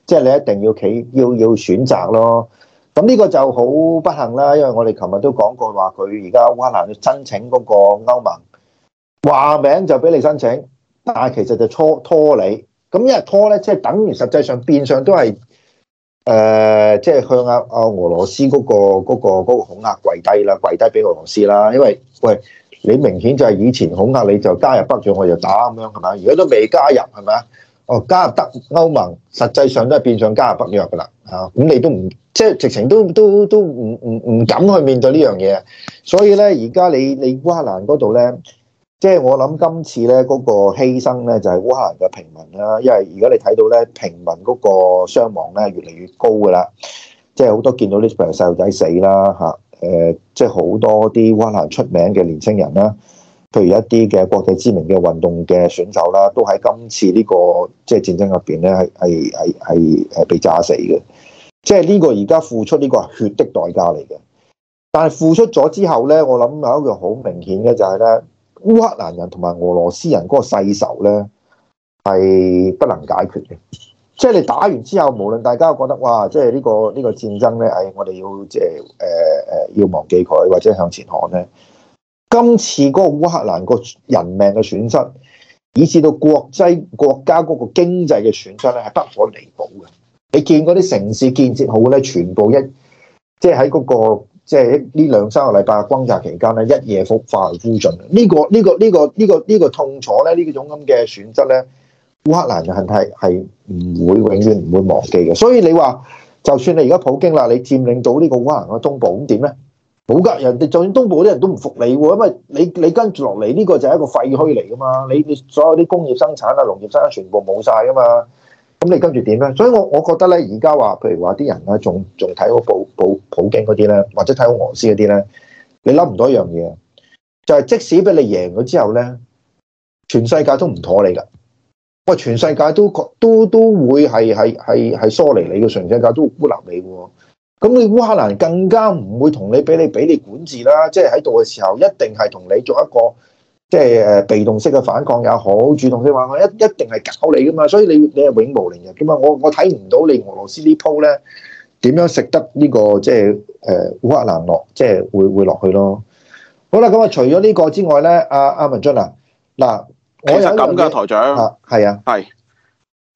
即係你一定要企要要，要選擇咯。咁呢個就好不幸啦，因為我哋琴日都講過話佢而家烏克蘭去申請嗰個歐盟話名就俾你申請，但係其實就拖拖你。咁一係拖咧，即係等於實際上變相都係誒，即係向阿阿俄羅斯嗰個嗰個嗰個恐嚇跪低啦，跪低俾俄羅斯啦。因為喂，你明顯就係以前恐嚇你就加入北約我就打咁樣係咪啊？如果都未加入係咪啊？哦，加入得歐盟，實際上都係變相加入北約噶啦嚇，咁、啊、你都唔即係直情都都都唔唔唔敢去面對呢樣嘢，所以咧而家你你烏克蘭嗰度咧，即係我諗今次咧嗰個犧牲咧就係烏克蘭嘅平民啦，因為而家你睇到咧平民嗰個傷亡咧越嚟越高噶啦，即係好多見到啲細路仔死啦嚇，誒、呃、即係好多啲烏克蘭出名嘅年輕人啦。譬如一啲嘅國際知名嘅運動嘅選手啦，都喺今次呢個即係戰爭入邊咧，係係係係誒被炸死嘅。即係呢個而家付出呢個係血的代價嚟嘅。但係付出咗之後咧，我諗有一個好明顯嘅就係咧，烏克蘭人同埋俄羅斯人嗰個世仇咧係不能解決嘅。即係你打完之後，無論大家覺得哇，即係呢、呢個呢、呢個戰爭咧，誒、哎、我哋要即係誒誒要忘記佢或者向前看咧。今次嗰個烏克蘭個人命嘅損失，以至到國際國家嗰個經濟嘅損失咧，係不可彌補嘅。你見嗰啲城市建設好咧，全部一即係喺嗰個即係呢兩三個禮拜嘅轟炸期間咧，一夜腐化而枯盡。呢個呢個呢個呢個呢個痛楚咧，呢種咁嘅損失咧，烏克蘭人係係係唔會永遠唔會忘記嘅。所以你話，就算你而家普京啦，你佔領到呢個烏克蘭嘅東部，咁點咧？好噶，人哋就算東部嗰啲人都唔服你，因為你你跟住落嚟呢個就係一個廢墟嚟噶嘛，你你所有啲工業生產啊、農業生產全部冇晒噶嘛，咁你跟住點咧？所以我我覺得咧，而家話譬如話啲人咧，仲仲睇好普普普京嗰啲咧，或者睇好俄斯嗰啲咧，你諗唔到一樣嘢，就係、是、即使俾你贏咗之後咧，全世界都唔妥你噶，我話全世界都都都會係係係係疏離你嘅，全世界都，都，都會孤立你喎。咁你烏克蘭更加唔會同你俾你俾你管治啦，即係喺度嘅時候一定係同你做一個即係誒被動式嘅反抗也好，主動式話我一一定係搞你噶嘛，所以你你係永無寧日噶嘛。我我睇唔到你俄羅斯呢鋪咧點樣食得呢個即係誒烏克蘭落即係會會落去咯。好啦，咁啊除咗呢個之外咧，阿阿文俊啊嗱，其實咁噶台長，係啊，係啊。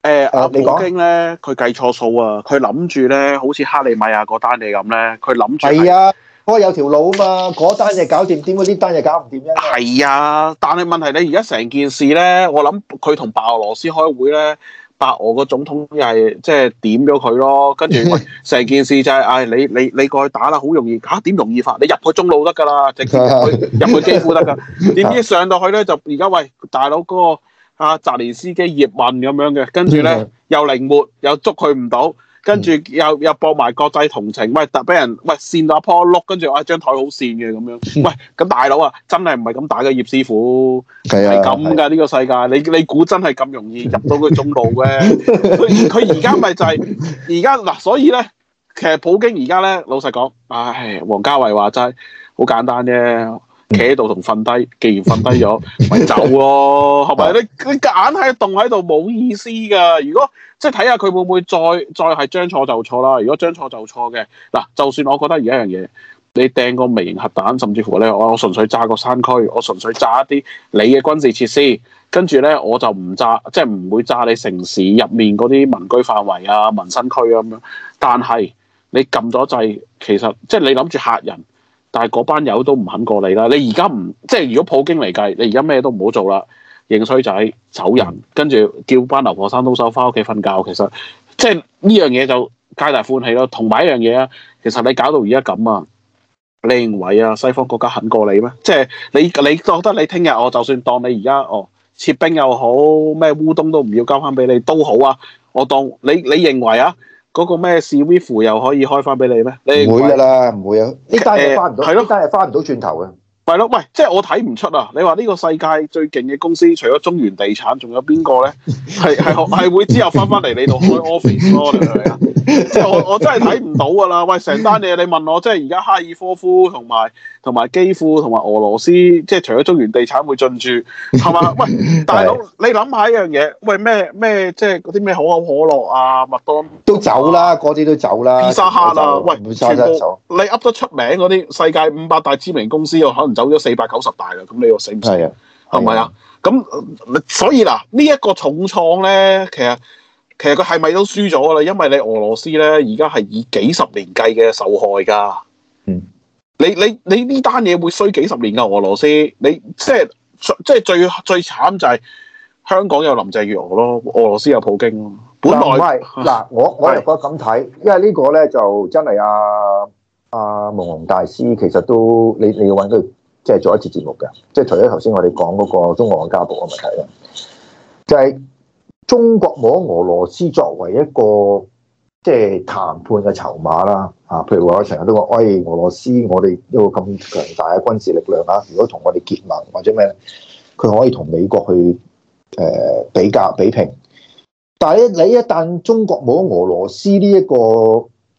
誒，阿、哎、說普京咧，佢計錯數啊！佢諗住咧，好似哈利米亞嗰單嘢咁咧，佢諗住係啊，因為、哎、有條路啊嘛，嗰單嘢搞掂，點解呢單嘢搞唔掂咧？係啊、哎，但係問題你而家成件事咧，我諗佢同白俄羅斯開會咧，白俄個總統又係即係點咗佢咯，跟住喂，成件事就係、是，唉、 哎，你你你過去打啦，好容易吓，點、啊、容易法？你入去中路得噶啦，直接入去基輔得噶，點 知上到去咧就而家喂，大佬嗰個。 啊！澤倫斯基葉問咁樣嘅，跟住咧又靈活，又捉佢唔到，跟住又又博埋國際同情，喂！俾人喂跣到阿坡碌，跟住話張台好跣嘅咁樣，喂！咁大佬啊，真係唔係咁打嘅葉師傅，係咁㗎呢個世界，你你估真係咁容易入到佢中路嘅？佢佢而家咪就係而家嗱，所以咧，其實普京而家咧，老實講，唉、哎，王家，、啊啊、家衛話齋好簡單啫。企喺度同瞓低，既然瞓低咗，咪 走咯，啊。係咪？ 你你硬喺凍喺度冇意思噶。如果即係睇下佢會唔會再再係將錯就錯啦。如果將錯就錯嘅，嗱，就算我覺得而一樣嘢，你掟個微型核彈，甚至乎咧，我純粹炸個山區，我純粹炸一啲你嘅軍事設施，跟住咧我就唔炸，即係唔會炸你城市入面嗰啲民居範圍啊，民生區咁樣。但係你撳咗掣，其實即係你諗住嚇人。但係嗰班友都唔肯過你啦，你而家唔，即係如果普京嚟計，你而家咩都唔好做啦，認衰仔走人，嗯、跟住叫班留學生都收翻屋企瞓覺。其實即係呢樣嘢就皆大歡喜咯。同埋一樣嘢啊，其實你搞到而家咁啊，你認為啊，西方國家肯過你咩？即係你你，你覺得你聽日我就算當你而家哦撤兵又好，咩烏冬都唔要交翻俾你都好啊，我當你你認為啊？嗰個咩？史威夫又可以開翻俾你咩？唔會嘅啦，唔會啊！呢單嘢翻唔到，係咯，呢單嘢翻唔到轉頭嘅，係咯，喂，即係我睇唔出啊！你話呢個世界最勁嘅公司，除咗中原地產，仲有邊個咧？係係係會之後翻翻嚟你度開 office 咯？你明唔明啊？即係我我真係睇唔到㗎啦！喂，成單嘢你問我，即係而家哈爾科夫同埋。同埋基輔，同埋俄羅斯，即係除咗中原地產會進駐，係咪喂大佬，你諗下一樣嘢，喂咩咩，即係嗰啲咩可口可樂啊、麥當勞、啊、都走啦，嗰啲都走啦，披薩哈啦、啊，走喂，走全部走你噏得出名嗰啲世界五百大知名公司，又可能走咗四百九十大嘅，咁你又死唔死啊？係咪啊？咁所以嗱，呢、這、一個重創咧，其實其實佢係咪都輸咗啦？因為你俄羅斯咧，而家係以幾十幾年計嘅受害噶，嗯。 你你你呢單嘢會衰幾十年噶俄羅斯，你即係即係最最慘就係香港有林鄭月娥咯，俄羅斯有普京，本來唔係嗱、呃呃，我 我又覺得咁睇，因為個呢個咧就真係阿阿朦朧大師其實都你你要揾佢即係做一次節目嘅，即係除咗頭先我哋講嗰個中俄外交部嘅問題咧，就係、是、中國冇俄羅斯作為一個。即係談判嘅籌碼啦，啊，譬如我成日都講，哎，俄羅斯，我哋一個咁強大嘅軍事力量啦。如果同我哋結盟或者咩，佢可以同美國去誒、呃、比較比拼。但係你一旦中國冇俄羅斯、這個、呢一個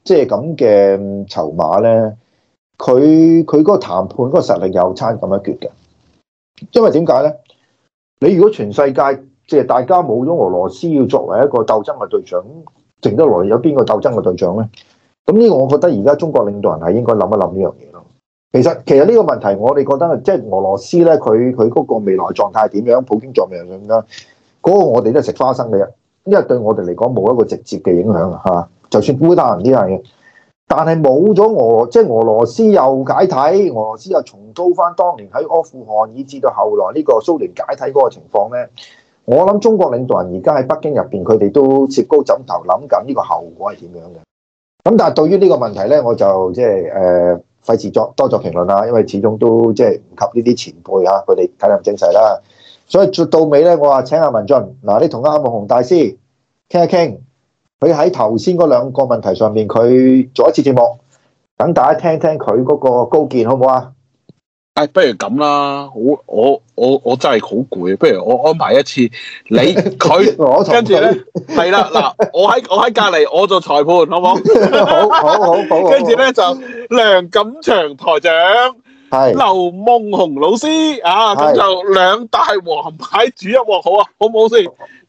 即係咁嘅籌碼咧，佢佢嗰個談判嗰個實力又差咁一橛嘅，因為點解咧？你如果全世界即係大家冇咗俄羅斯，要作為一個鬥爭嘅對象。剩得來有邊個鬥爭嘅對象呢？咁呢個我覺得而家中國領導人係應該諗一諗呢樣嘢咯。其實其實呢個問題我哋覺得即係、就是、俄羅斯咧，佢佢嗰個未來狀態點樣，普京做咩樣咁樣，嗰、那個我哋都係食花生嘅，因為對我哋嚟講冇一個直接嘅影響啊。就算孤單呢樣嘢，但係冇咗俄，即、就、係、是、俄羅斯又解體，俄羅斯又重蹈翻當年喺阿富汗以至到後來呢個蘇聯解體嗰個情況呢，我諗中國領導人而家喺北京入邊，佢哋都切高枕頭諗緊呢個後果係點樣嘅。咁但係對於呢個問題咧，我就即係誒，費事作多作評論啦，因為始終都即係唔及呢啲前輩吓，佢哋睇得咁精細啦。所以到到尾咧，我話請阿文進嗱，你同阿莫雄大師傾一傾，佢喺頭先嗰兩個問題上面，佢做一次節目，等大家聽聽佢嗰個高見好唔好啊？哎，不如咁啦，好，我我我真係好攰，不如我安排一次你佢， 和他 跟住咧，係啦，嗱，我喺我喺隔籬，我做裁判，好唔好？ 好？好好好，好，好跟住咧就梁錦祥台長，係劉夢紅老師啊，咁、嗯、是就兩大黃牌主一鑊，好啊，好唔好先？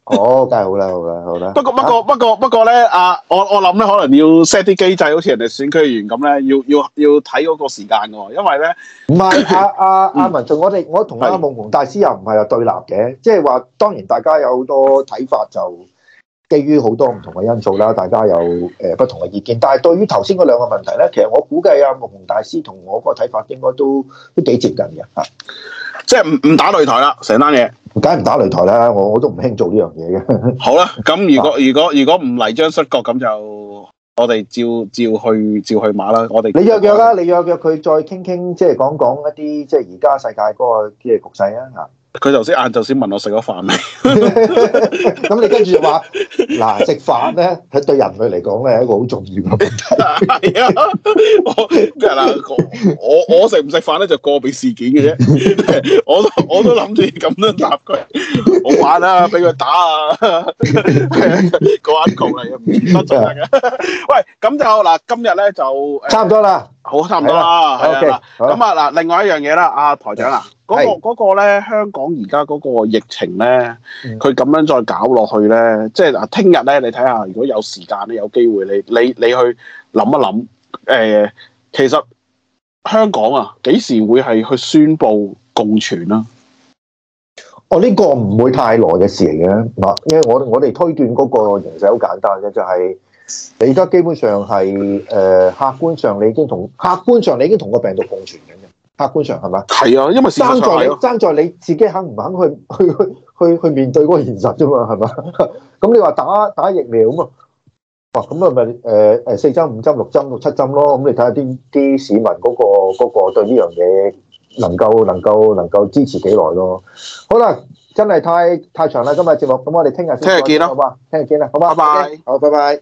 哦，梗係好啦，好啦，好啦。不過不過不過不過咧，阿、啊、我我諗咧，可能要 set 啲機制，好似人哋選區員咁咧，要要要睇嗰個時間喎，因為咧唔係阿阿阿文俊，我哋我同阿夢紅大師又唔係對立嘅，即係話當然大家有好多睇法，就基於好多唔同嘅因素啦，大家有誒、呃、不同嘅意見。但係對於頭先嗰兩個問題咧，其實我估計阿夢紅大師同我嗰個睇法應該都都幾接近嘅嚇，即係唔唔打擂台啦，成單嘢。梗係唔打擂台啦，我我都唔興做呢樣嘢嘅。 好啦，咁如果如果如果唔嚟張摔角，咁就我哋照照去照去馬啦。我哋你約約啦，你約約佢再傾傾，即係講講一啲即係而家世界嗰個嘅局勢啊。佢頭先晏晝先問我食咗飯未，咁你跟住就話嗱，食飯咧，係對人類嚟講咧係一個好重要嘅。係啊，我今日啦，我我食唔食飯咧就個別事件嘅啫，我我都諗住咁樣答佢，好玩啦，俾佢打啊，過眼橋嚟嘅，唔得就得嘅。喂，咁就嗱今日咧就，差唔多啦，好，差唔多啦，係啊，咁啊嗱，另外一樣嘢啦，阿台長啊。嗰個嗰個咧，香港而家嗰個疫情咧，佢咁樣再搞落去咧，嗯，即係嗱，聽日咧，你睇下，如果有時間咧，有機會你你你去諗一諗，誒，其實香港啊，幾時會係去宣布共存啦？哦，呢個唔會太耐嘅事嚟嘅，嗱，因為我我哋推斷嗰個形式好簡單嘅，就係你而家基本上係誒，客觀上你已經同客觀上你已經同個病毒共存緊嘅。客觀上係嘛？係啊，因為爭在你爭在你自己肯唔肯去去去去去面對嗰個現實啫嘛，係嘛？咁你話打打疫苗咁啊？哇！咁啊咪誒誒四針五針六針六七針咯，咁你睇下啲啲市民嗰個嗰個對呢樣嘢能夠能夠能夠支持幾耐咯？好啦，真係太太長啦，今日節目咁我哋聽日聽日見咯，好嘛？聽日見啦，好嘛？拜拜，好拜拜。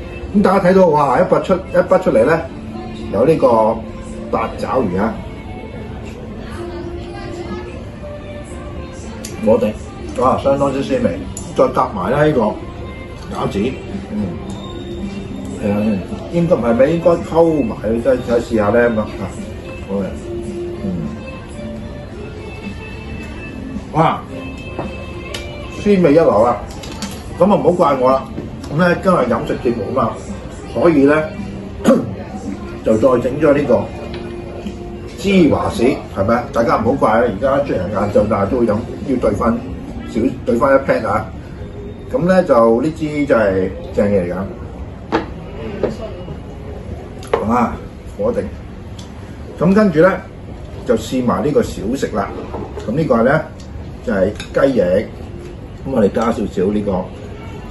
大家睇到哇，一筆出一筆出嚟咧，有呢個八爪魚啊，我哋、嗯、相當之鮮味，再夾埋咧呢個餃子，嗯，係、嗯嗯、啊，係啊不是應該唔係咩？應該溝埋再試下呢。咁啊，好嘅，哇，鮮味一流啊，咁啊唔好怪我啦。咁咧今日飲食節目啊嘛，所以咧就再整咗呢個芝華士，係咪啊？大家唔好怪啦，而家出人晏晝，但係都會飲，要兌翻少，兌翻一 pat 啊！咁咧就呢支就係正嘢嚟㗎，好、啊、嘛？火定。咁跟住咧就試埋呢個小食啦。咁、呢個、呢個咧就係、係、雞翼，咁我哋加少少呢個，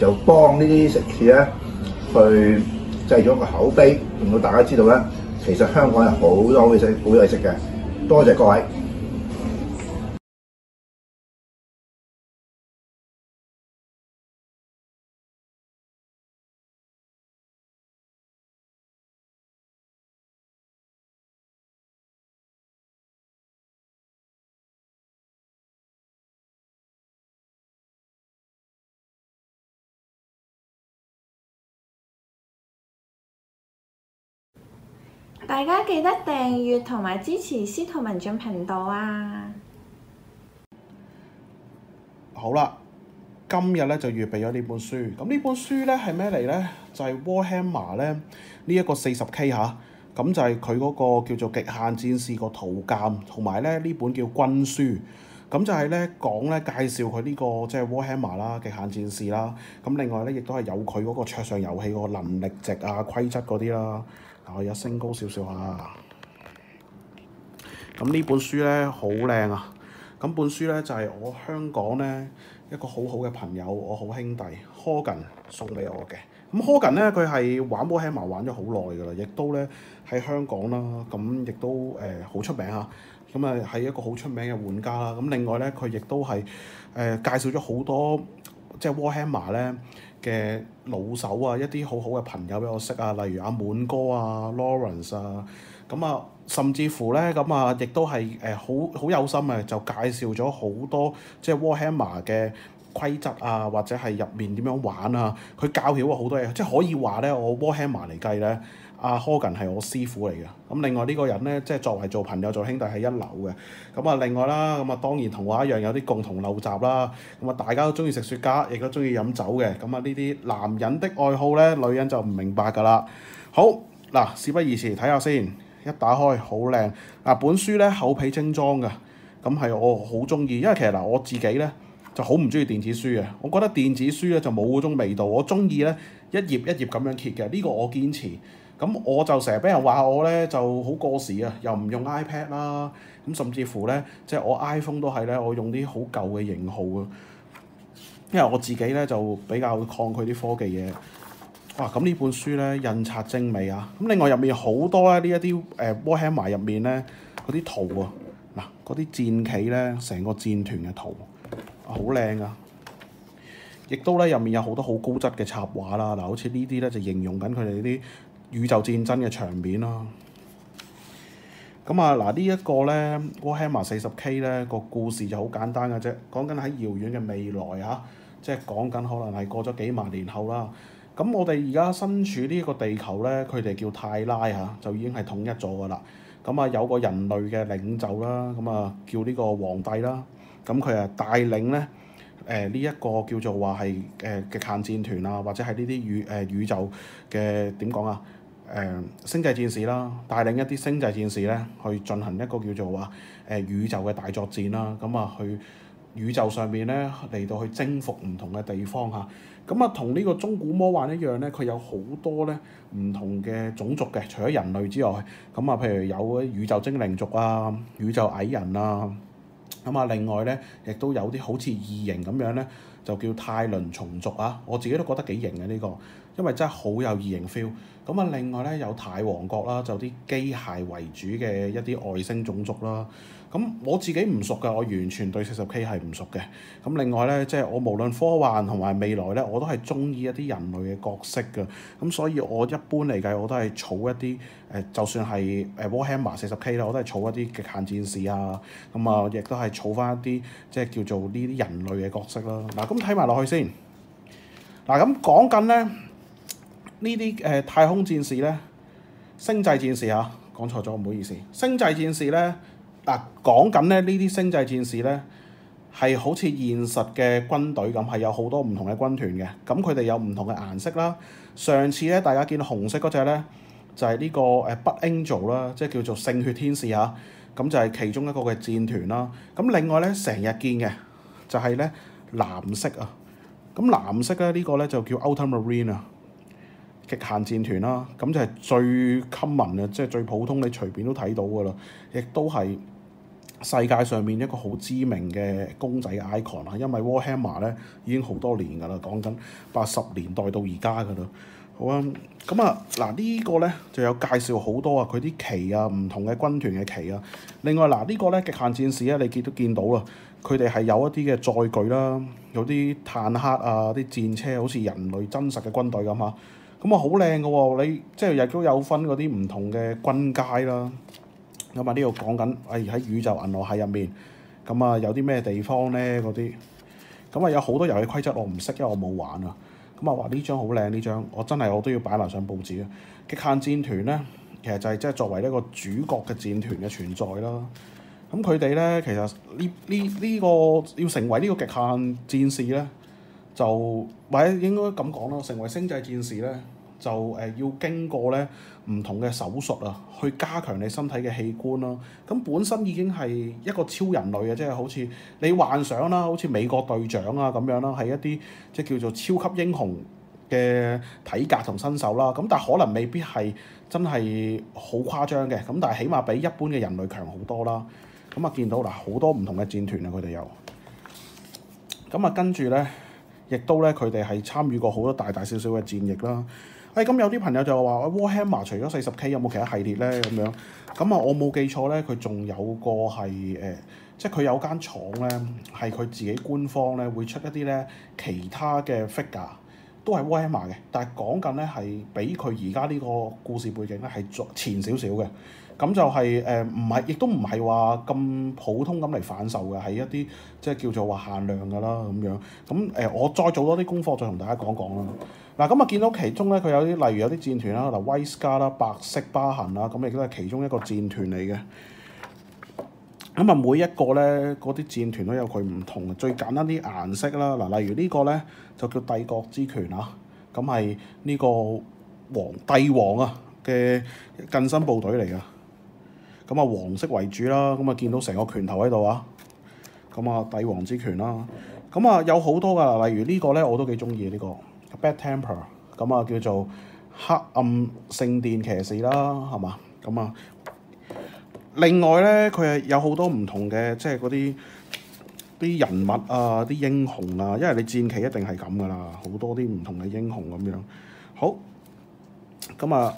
就幫這些呢啲食肆咧，去製造一個口碑，令到大家知道咧，其實香港有好多好食好嘢食嘅，多謝各位。大家記得訂閱同埋支持司徒文進頻道啊！好啦，今日咧就預備咗呢本書。咁呢本書咧係咩嚟咧？就係、是、Warhammer 咧呢一、這個四十 K 嚇、啊。咁就係佢嗰個叫做極限戰士個圖鑑，同埋咧呢本叫軍書。咁就係咧講咧介紹佢呢、這個即係、就是、Warhammer 啦，極限戰士啦。咁另外咧亦都係有佢嗰個桌上遊戲個能力值啊規則嗰啲啦。我有升高少少啊！咁呢本書咧好靚啊！咁本書咧就係、是、我香港咧一個好好嘅朋友，我好兄弟 Hogan 送俾我嘅。咁 Hogan 咧佢係玩 Warhammer 玩咗好耐㗎啦，亦都咧喺香港啦，咁亦都誒好、呃、出名啊！咁啊係一個好出名嘅玩家啦。咁另外咧佢亦都係誒、呃、介紹咗好多即係 Warhammer 咧，嘅老手啊，一啲好好嘅朋友俾我識啊，例如阿滿哥啊、Lawrence 啊，咁啊，甚至乎咧，咁啊，亦都係誒、呃、好好有心啊，就介紹咗好多即係、就是、Warhammer 嘅規則啊，或者係入面點樣玩啊，佢教曉我好多嘢，即、就、係、是、可以話咧，我 Warhammer 嚟計咧。阿、啊、Hogan 係我師傅嚟嘅，咁另外呢個人呢，即係作為做朋友做兄弟係一流嘅。咁啊，另外啦，咁啊，當然同我一樣有啲共同陋習啦。咁啊，大家都中意食雪茄，亦都中意飲酒嘅。咁啊，呢啲男人的愛好呢，女人就唔明白㗎啦。好嗱、啊，事不宜遲，睇下先。一打開好靚嗱，本書呢，厚皮精裝㗎，咁係我好中意，因為其實嗱、啊、我自己呢，就好唔中意電子書嘅。我覺得電子書呢，就冇嗰種味道，我中意呢，一頁一頁咁樣揭嘅，呢、呢個我堅持。咁我就成日俾人話我咧就好過時啊，又唔用 iPad 啦，咁甚至乎咧即係我 iPhone 都係咧，我用啲好舊嘅型號啊，因為我自己咧就比較抗拒啲科技嘢。哇、啊！咁呢本書咧印刷精美啊，咁另外入面好多咧呢一啲誒 Warhammer 入面咧嗰啲圖啊，嗱嗰啲戰旗咧，成個戰團嘅圖好靚啊。亦、啊、都咧入面有好多好高質嘅插畫啦，嗱、啊、好似呢啲咧就形容緊佢哋啲宇宙戰爭嘅場面咯，咁啊嗱呢一個咧《Warhammer 四十 K》咧個故事就好簡單嘅啫，講緊喺遙遠嘅未來啊，即係講緊可能係過咗幾萬年後啦。咁我哋而家身處呢個地球咧，佢哋叫泰拉嚇，就已經係統一咗㗎啦。咁啊有個人類嘅領袖啦，咁啊叫呢個皇帝啦。咁佢啊帶領咧誒呢一個叫做話係誒極限戰團啊，或者係呢啲宇誒宇宙嘅點講啊？誒、嗯、星際戰士啦，帶領一啲星際戰士咧去進行一個叫做話誒宇宙嘅大作戰啦。咁啊，去宇宙上面咧嚟到去征服唔同嘅地方嚇。咁啊，同呢個中古魔幻一樣咧，佢有好多咧唔同嘅種族嘅，除咗人類之外，咁啊，譬如有宇宙精靈族啊、宇宙矮人啊，咁啊，另外咧亦都有啲好似異形咁樣咧，就叫泰倫蟲族啊。我自己都覺得幾型嘅呢個，因為真係好有異形 feel。咁啊，另外咧有泰王國啦，就啲機械為主嘅一啲外星種族啦。咁我自己唔熟嘅，我完全對四十 K 係唔熟嘅。咁另外咧，即係我無論科幻同埋未來咧，我都係中意一啲人類嘅角色嘅。咁所以我一般嚟計，我都係儲一啲誒，就算係誒 Warhammer 四十 K 啦，我都係儲一啲極限戰士啊。咁啊，亦都係儲翻一啲即係叫做呢啲人類嘅角色啦。嗱，咁睇埋落去先。嗱，咁講緊咧。呢啲誒太空戰士咧，星際戰士啊，講錯咗唔好意思。星際戰士咧嗱、啊，講緊咧呢啲星際戰士咧係好似現實嘅軍隊咁，係有好多唔同嘅軍團嘅。咁佢哋有唔同嘅顏色啦。上次咧大家見紅色嗰隻咧就係、是、呢個誒 Blood Angel 啦，即係叫做聖血天使嚇、啊。咁就係其中一個嘅戰團啦。咁另外咧，成日見嘅就係咧藍色啊。咁藍色咧呢、這個咧就叫 Ultramarine 啊。極限戰團啦，咁就係最 common 啊，即係最普通，你隨便都睇到㗎啦。亦都係世界上面一個好知名嘅公仔 icon 啦，因為 Warhammer 咧已經好多年㗎啦，講緊八十年代到而家㗎啦。好啊，咁啊嗱呢個咧就有介紹好多啊，佢啲旗啊，唔同嘅軍團嘅旗啊。另外嗱呢個咧極限戰士咧，你見都見到啦，佢哋係有一啲嘅載具啦，有啲坦克啊，啲戰車，好似人類真實嘅軍隊咁嚇。咁啊好靚㗎喎！你即係亦都有分嗰啲唔同嘅軍階啦。咁啊呢度講緊，係、哎、喺宇宙銀河系入面，咁啊有啲咩地方咧嗰啲？咁啊有好多遊戲規則我唔識，因為我冇玩啊。咁啊話呢張好靚呢張，我真係我都要擺埋上報紙啊！極限戰團咧，其實就係即係作為一個主角嘅戰團嘅存在啦。咁佢哋咧，其實呢呢呢個要成為呢個極限戰士咧。就或者應該咁講咯，成為星際戰士咧，就誒、呃、要經過咧唔同嘅手術啊，去加強你身體嘅器官咯、啊。咁本身已經係一個超人類啊，即、就、係、是、好似你幻想啦，好似美國隊長啊咁樣啦、啊，係一啲即係叫做超級英雄嘅體格同身手啦。咁但係可能未必係真係好誇張嘅，咁但係起碼比一般嘅人類強好多啦。咁啊，見到嗱好多唔同嘅戰團啊，佢哋有，咁啊跟住咧。亦都咧，佢哋係參與過好多大大小小嘅戰役啦。誒、哎，咁有啲朋友就話，Warhammer 除咗四十 K 有冇其他系列咧？咁樣，咁啊，我冇記錯咧，佢仲有個係誒、呃，即係佢有間廠咧，係佢自己官方咧會出一啲咧其他嘅 figure，都係 Warhammer 嘅，但係講緊咧係比佢而家呢個故事背景咧係早前少少嘅。咁就係誒，唔係，亦都唔係話咁普通咁嚟反售嘅，係一啲即係叫做話限量嘅啦咁樣。咁誒，我再做多啲功課，再同大家講講啦。嗱、啊，咁啊見到其中咧，佢有啲例如有啲戰團啦，嗱威斯加啦、白色疤痕啦，咁亦都係其中一個戰團嚟嘅。咁啊，每一個咧，嗰啲戰團都有佢唔同嘅。最簡單啲顏色啦，嗱、啊，例如個呢個咧就叫帝國之拳啊，咁係呢個皇帝王啊嘅近身部隊嚟嘅。咁啊，黃色為主啦，咁啊見到成個拳頭喺度啊，咁啊帝王之拳啦，咁啊有好多噶，例如呢個咧我都幾中意呢個 Bad Temper，咁啊叫做黑暗聖殿騎士啦，係嘛？咁啊，另外咧佢係有好多唔同嘅，即係嗰啲啲人物啊、啲英雄啊，因為你戰棋一定係咁噶啦，好多啲唔同嘅英雄咁樣。好，咁啊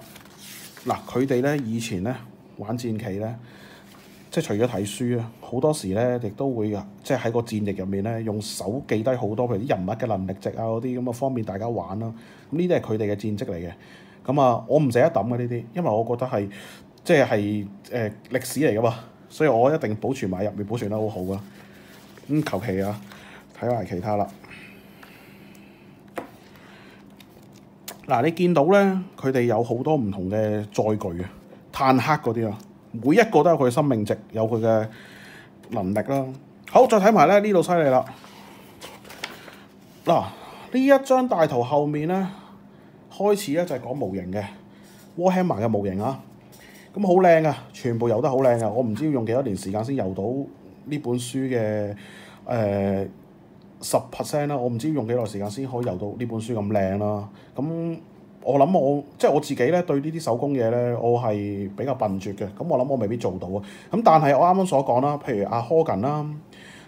嗱，佢哋咧以前咧。玩戰棋咧，即係除咗睇書啊，好多時咧亦都會即係喺個戰役入面咧，用手記低好多，譬如啲人物嘅能力值啊，嗰啲咁啊方便大家玩啦。咁呢啲係佢哋嘅戰績嚟嘅。咁啊，我唔捨得抌嘅呢啲，因為我覺得係即係係誒歷史嚟噶嘛，所以我一定保存埋入面，保存得好好啊。咁求其啊，睇埋其他啦。嗱，你見到咧，佢哋有好多唔同嘅載具啊！炭黑嗰啲啊，每一個都有佢嘅生命值，有佢嘅能力啦。好，再睇埋咧呢度犀利啦。嗱，呢、啊、一張大圖後面咧，開始咧就係講模型嘅 Warhammer 嘅模型啊。咁好靚啊，全部游得好靚、呃、啊。我唔知要用幾多年時間先游到呢本書嘅誒十 percent 啦。我唔知要用幾耐時間先可以游到呢本書咁靚啦。咁、嗯。我諗我即係我自己咧，對呢啲手工嘢咧，我係比較笨拙嘅。咁我諗我未必做到啊。咁但係我啱啱所講啦，譬如阿 Hogan 啦，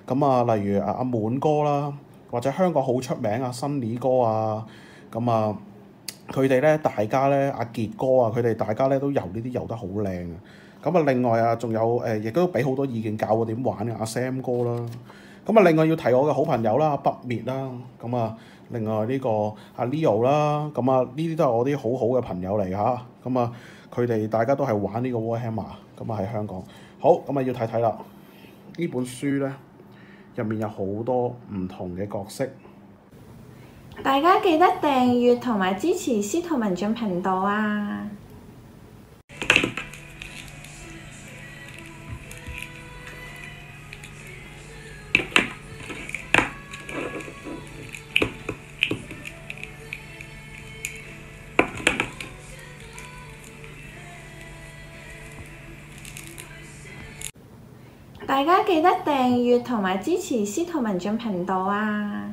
咁啊，例如啊阿滿哥啦，或者香港好出名啊 Sunny 哥啊，咁啊，佢哋咧大家咧阿傑哥啊，佢哋大家咧都遊呢啲遊得好靚啊。咁啊，另外啊，仲有誒，亦都俾好多意見教我點玩啊，啊，阿 Sam 哥啦。咁啊，另外要提我嘅好朋友啦、啊，北滅啦，咁啊。啊另外呢、這個阿、啊、Leo 啦、啊，咁啊呢啲都係我啲好好嘅朋友嚟嚇，咁啊佢哋大家都係玩呢個 Warhammer，咁啊喺香港，好咁啊要睇睇啦，呢本書咧入面有好多唔同嘅角色，大家記得訂閱同埋支持司徒文進頻道啊！大家記得訂閱同埋支持司徒文進頻道啊！